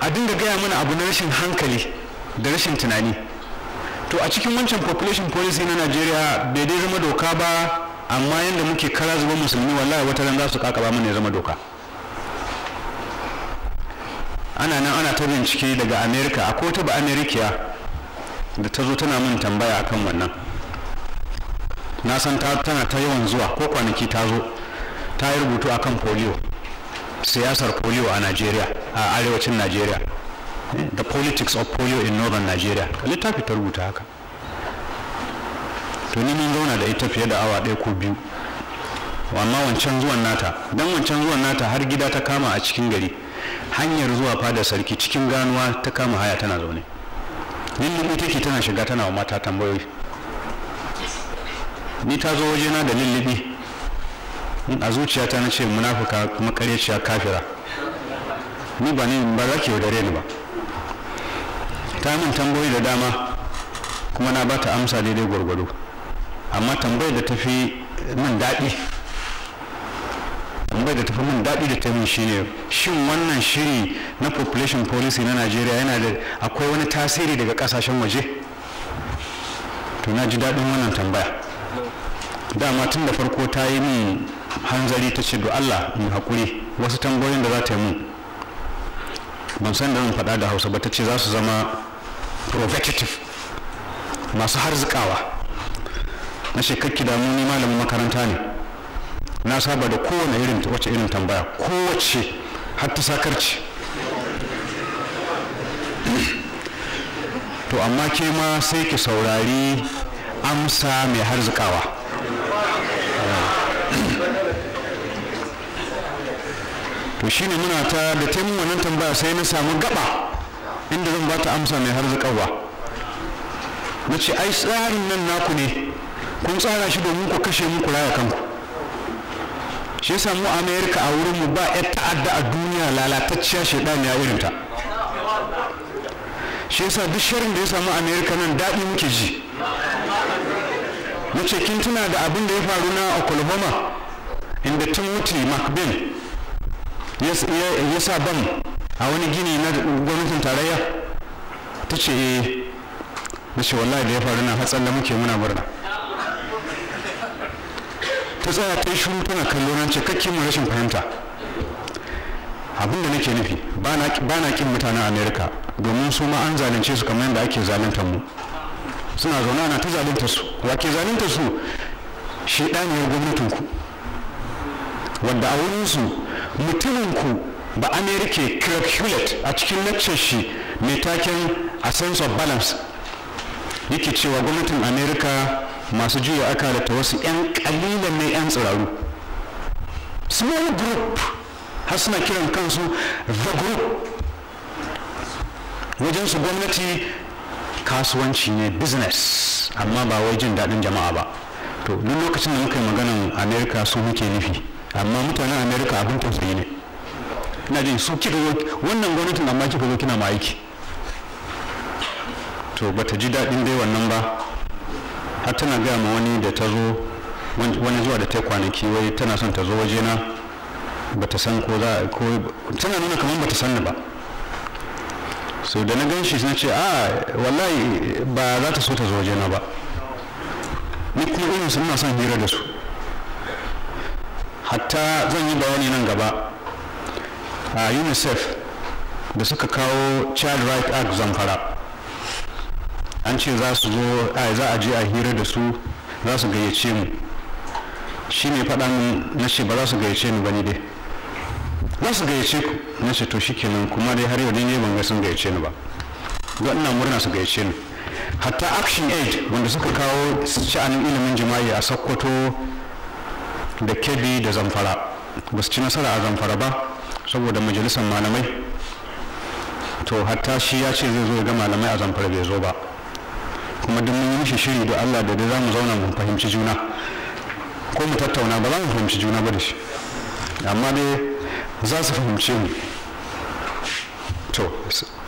a dinga gaya mana abu na rashin hankali da rashin tunani to a cikin wancan population policy na najeriya bai dai zama doka ba amma yadda muke kara zuba musulmi wallahi wata ran za su kakaba mana ya zama doka ana nan ana ta bincike daga amerika a kota ba amerikiya da ta zo tana min tambaya akan wannan na san tana ta yawan zuwa ko kwanaki ta zo ta yi rubutu akan polio siyasar polio a nigeria a arewacin nigeria eh, the politics of polio in northern nigeria littafi ta rubuta haka to ni mun zauna da ita fiye da awa ɗaya ko biyu amma wancan zuwan nata don wancan zuwan nata har gida ta kama a cikin gari hanyar zuwa fadar sarki cikin ganuwa ta kama haya tana zaune lullumi take tana shiga tana wa mata tambayoyi ni ta zo wajena da lullubi a zuciyata na ce munafuka makaryaciya kafira ni ba ne ba za ki yaudare ni ba ta min tambayoyi da dama kuma na bata amsa daidai gwargwado amma tambayar da ta fi min daɗi tambayar da tafi min daɗi da ta min shine shin wannan shiri na population policy na najeriya yana da akwai wani tasiri daga kasashen waje to na ji daɗin wannan tambaya dama tun da farko ta yi min hanzari ta ce Allah mu haƙuri wasu tambayoyin da za ta yi min ban san da mun faɗa da hausa ba ta ce za su zama provocative masu harzikawa na shekakki damu ni malamin makaranta ne na saba da kowane irin wace irin tambaya kowace har sakarci to amma ke ma sai ki saurari amsa mai harzikawa to shi ne muna ta da taimun wannan tambaya sai na samu gaba inda zan bata amsa mai harzikawa na ce ai tsarin nan naku ne kun tsara shi domin ku kashe muku raya kanku shi yasa mu amerika a wurin mu ba yar ta'adda a duniya lalatacciya shaidan ya wurinta shi yasa duk shirin da ya samu amerika nan daɗi muke ji mace kin tuna da abin da ya faru na oklahoma inda timothy mcbain ya sa ban a wani gini na gwamnatin tarayya ta ce eh, na ce wallahi da ya faru na da muke muna murna ta tsaya ta shiru tana kallo nan ce kakkin mu rashin fahimta abinda nake nufi ba na kin mutanen amerika domin su ma an zalunce su kamar yadda ake zaluntar mu suna zaune ana ta zalunta su wa ke zalunta su shi ɗaniyar gwamnatinku wadda a wurinsu mutuminku ba amerika kirk hewlett a cikin lecture shi mai taken a sense of balance yake cewa gwamnatin amerika masu juya aka da wasu 'yan kalilan ne 'yan tsiraru small group har suna kiran kansu the group wajen su gwamnati kasuwanci ne business amma ba wai jin daɗin jama'a ba to nan lokacin da muka yi maganan america su muke nufi amma mutanen america abin tausayi ne na jin su kika wannan gwamnatin amma kika zo kina ma aiki to bata ji daɗin dai wannan ba har tana gaya ma wani da ta zo wani zuwa da ta kwanaki wai tana son ta zo waje na ba ta san ko za ko tana nuna kamar ba ta san ni ba so da na gan shi sun ce a ah, wallahi ba za ta so ta zo waje na ba ni kuma irin suna son hira da su hatta zan yi bayani nan gaba a unicef da suka kawo child right act zamfara an ce za su zo za a je a hira da su za su gayyace mu shi ne faɗa na ce ba za su gayyace ni ba ni dai za su gayyace ku na ce to shi kenan kuma dai har yau ne ban ga sun gayyace ni ba don ina murna su gayyace ni hatta action aid wanda suka kawo sha'anin ilimin jima'i a sokoto da kebbi da zamfara ba su ci nasara a zamfara ba saboda majalisar malamai to hatta shi ya ce zai zo ya ga malamai a zamfara bai zo ba kuma duk mun yi mishi shiri da Allah da za mu zauna mu fahimci juna ko mu tattauna ba za mu fahimci juna ba da shi amma dai za su fahimce mu to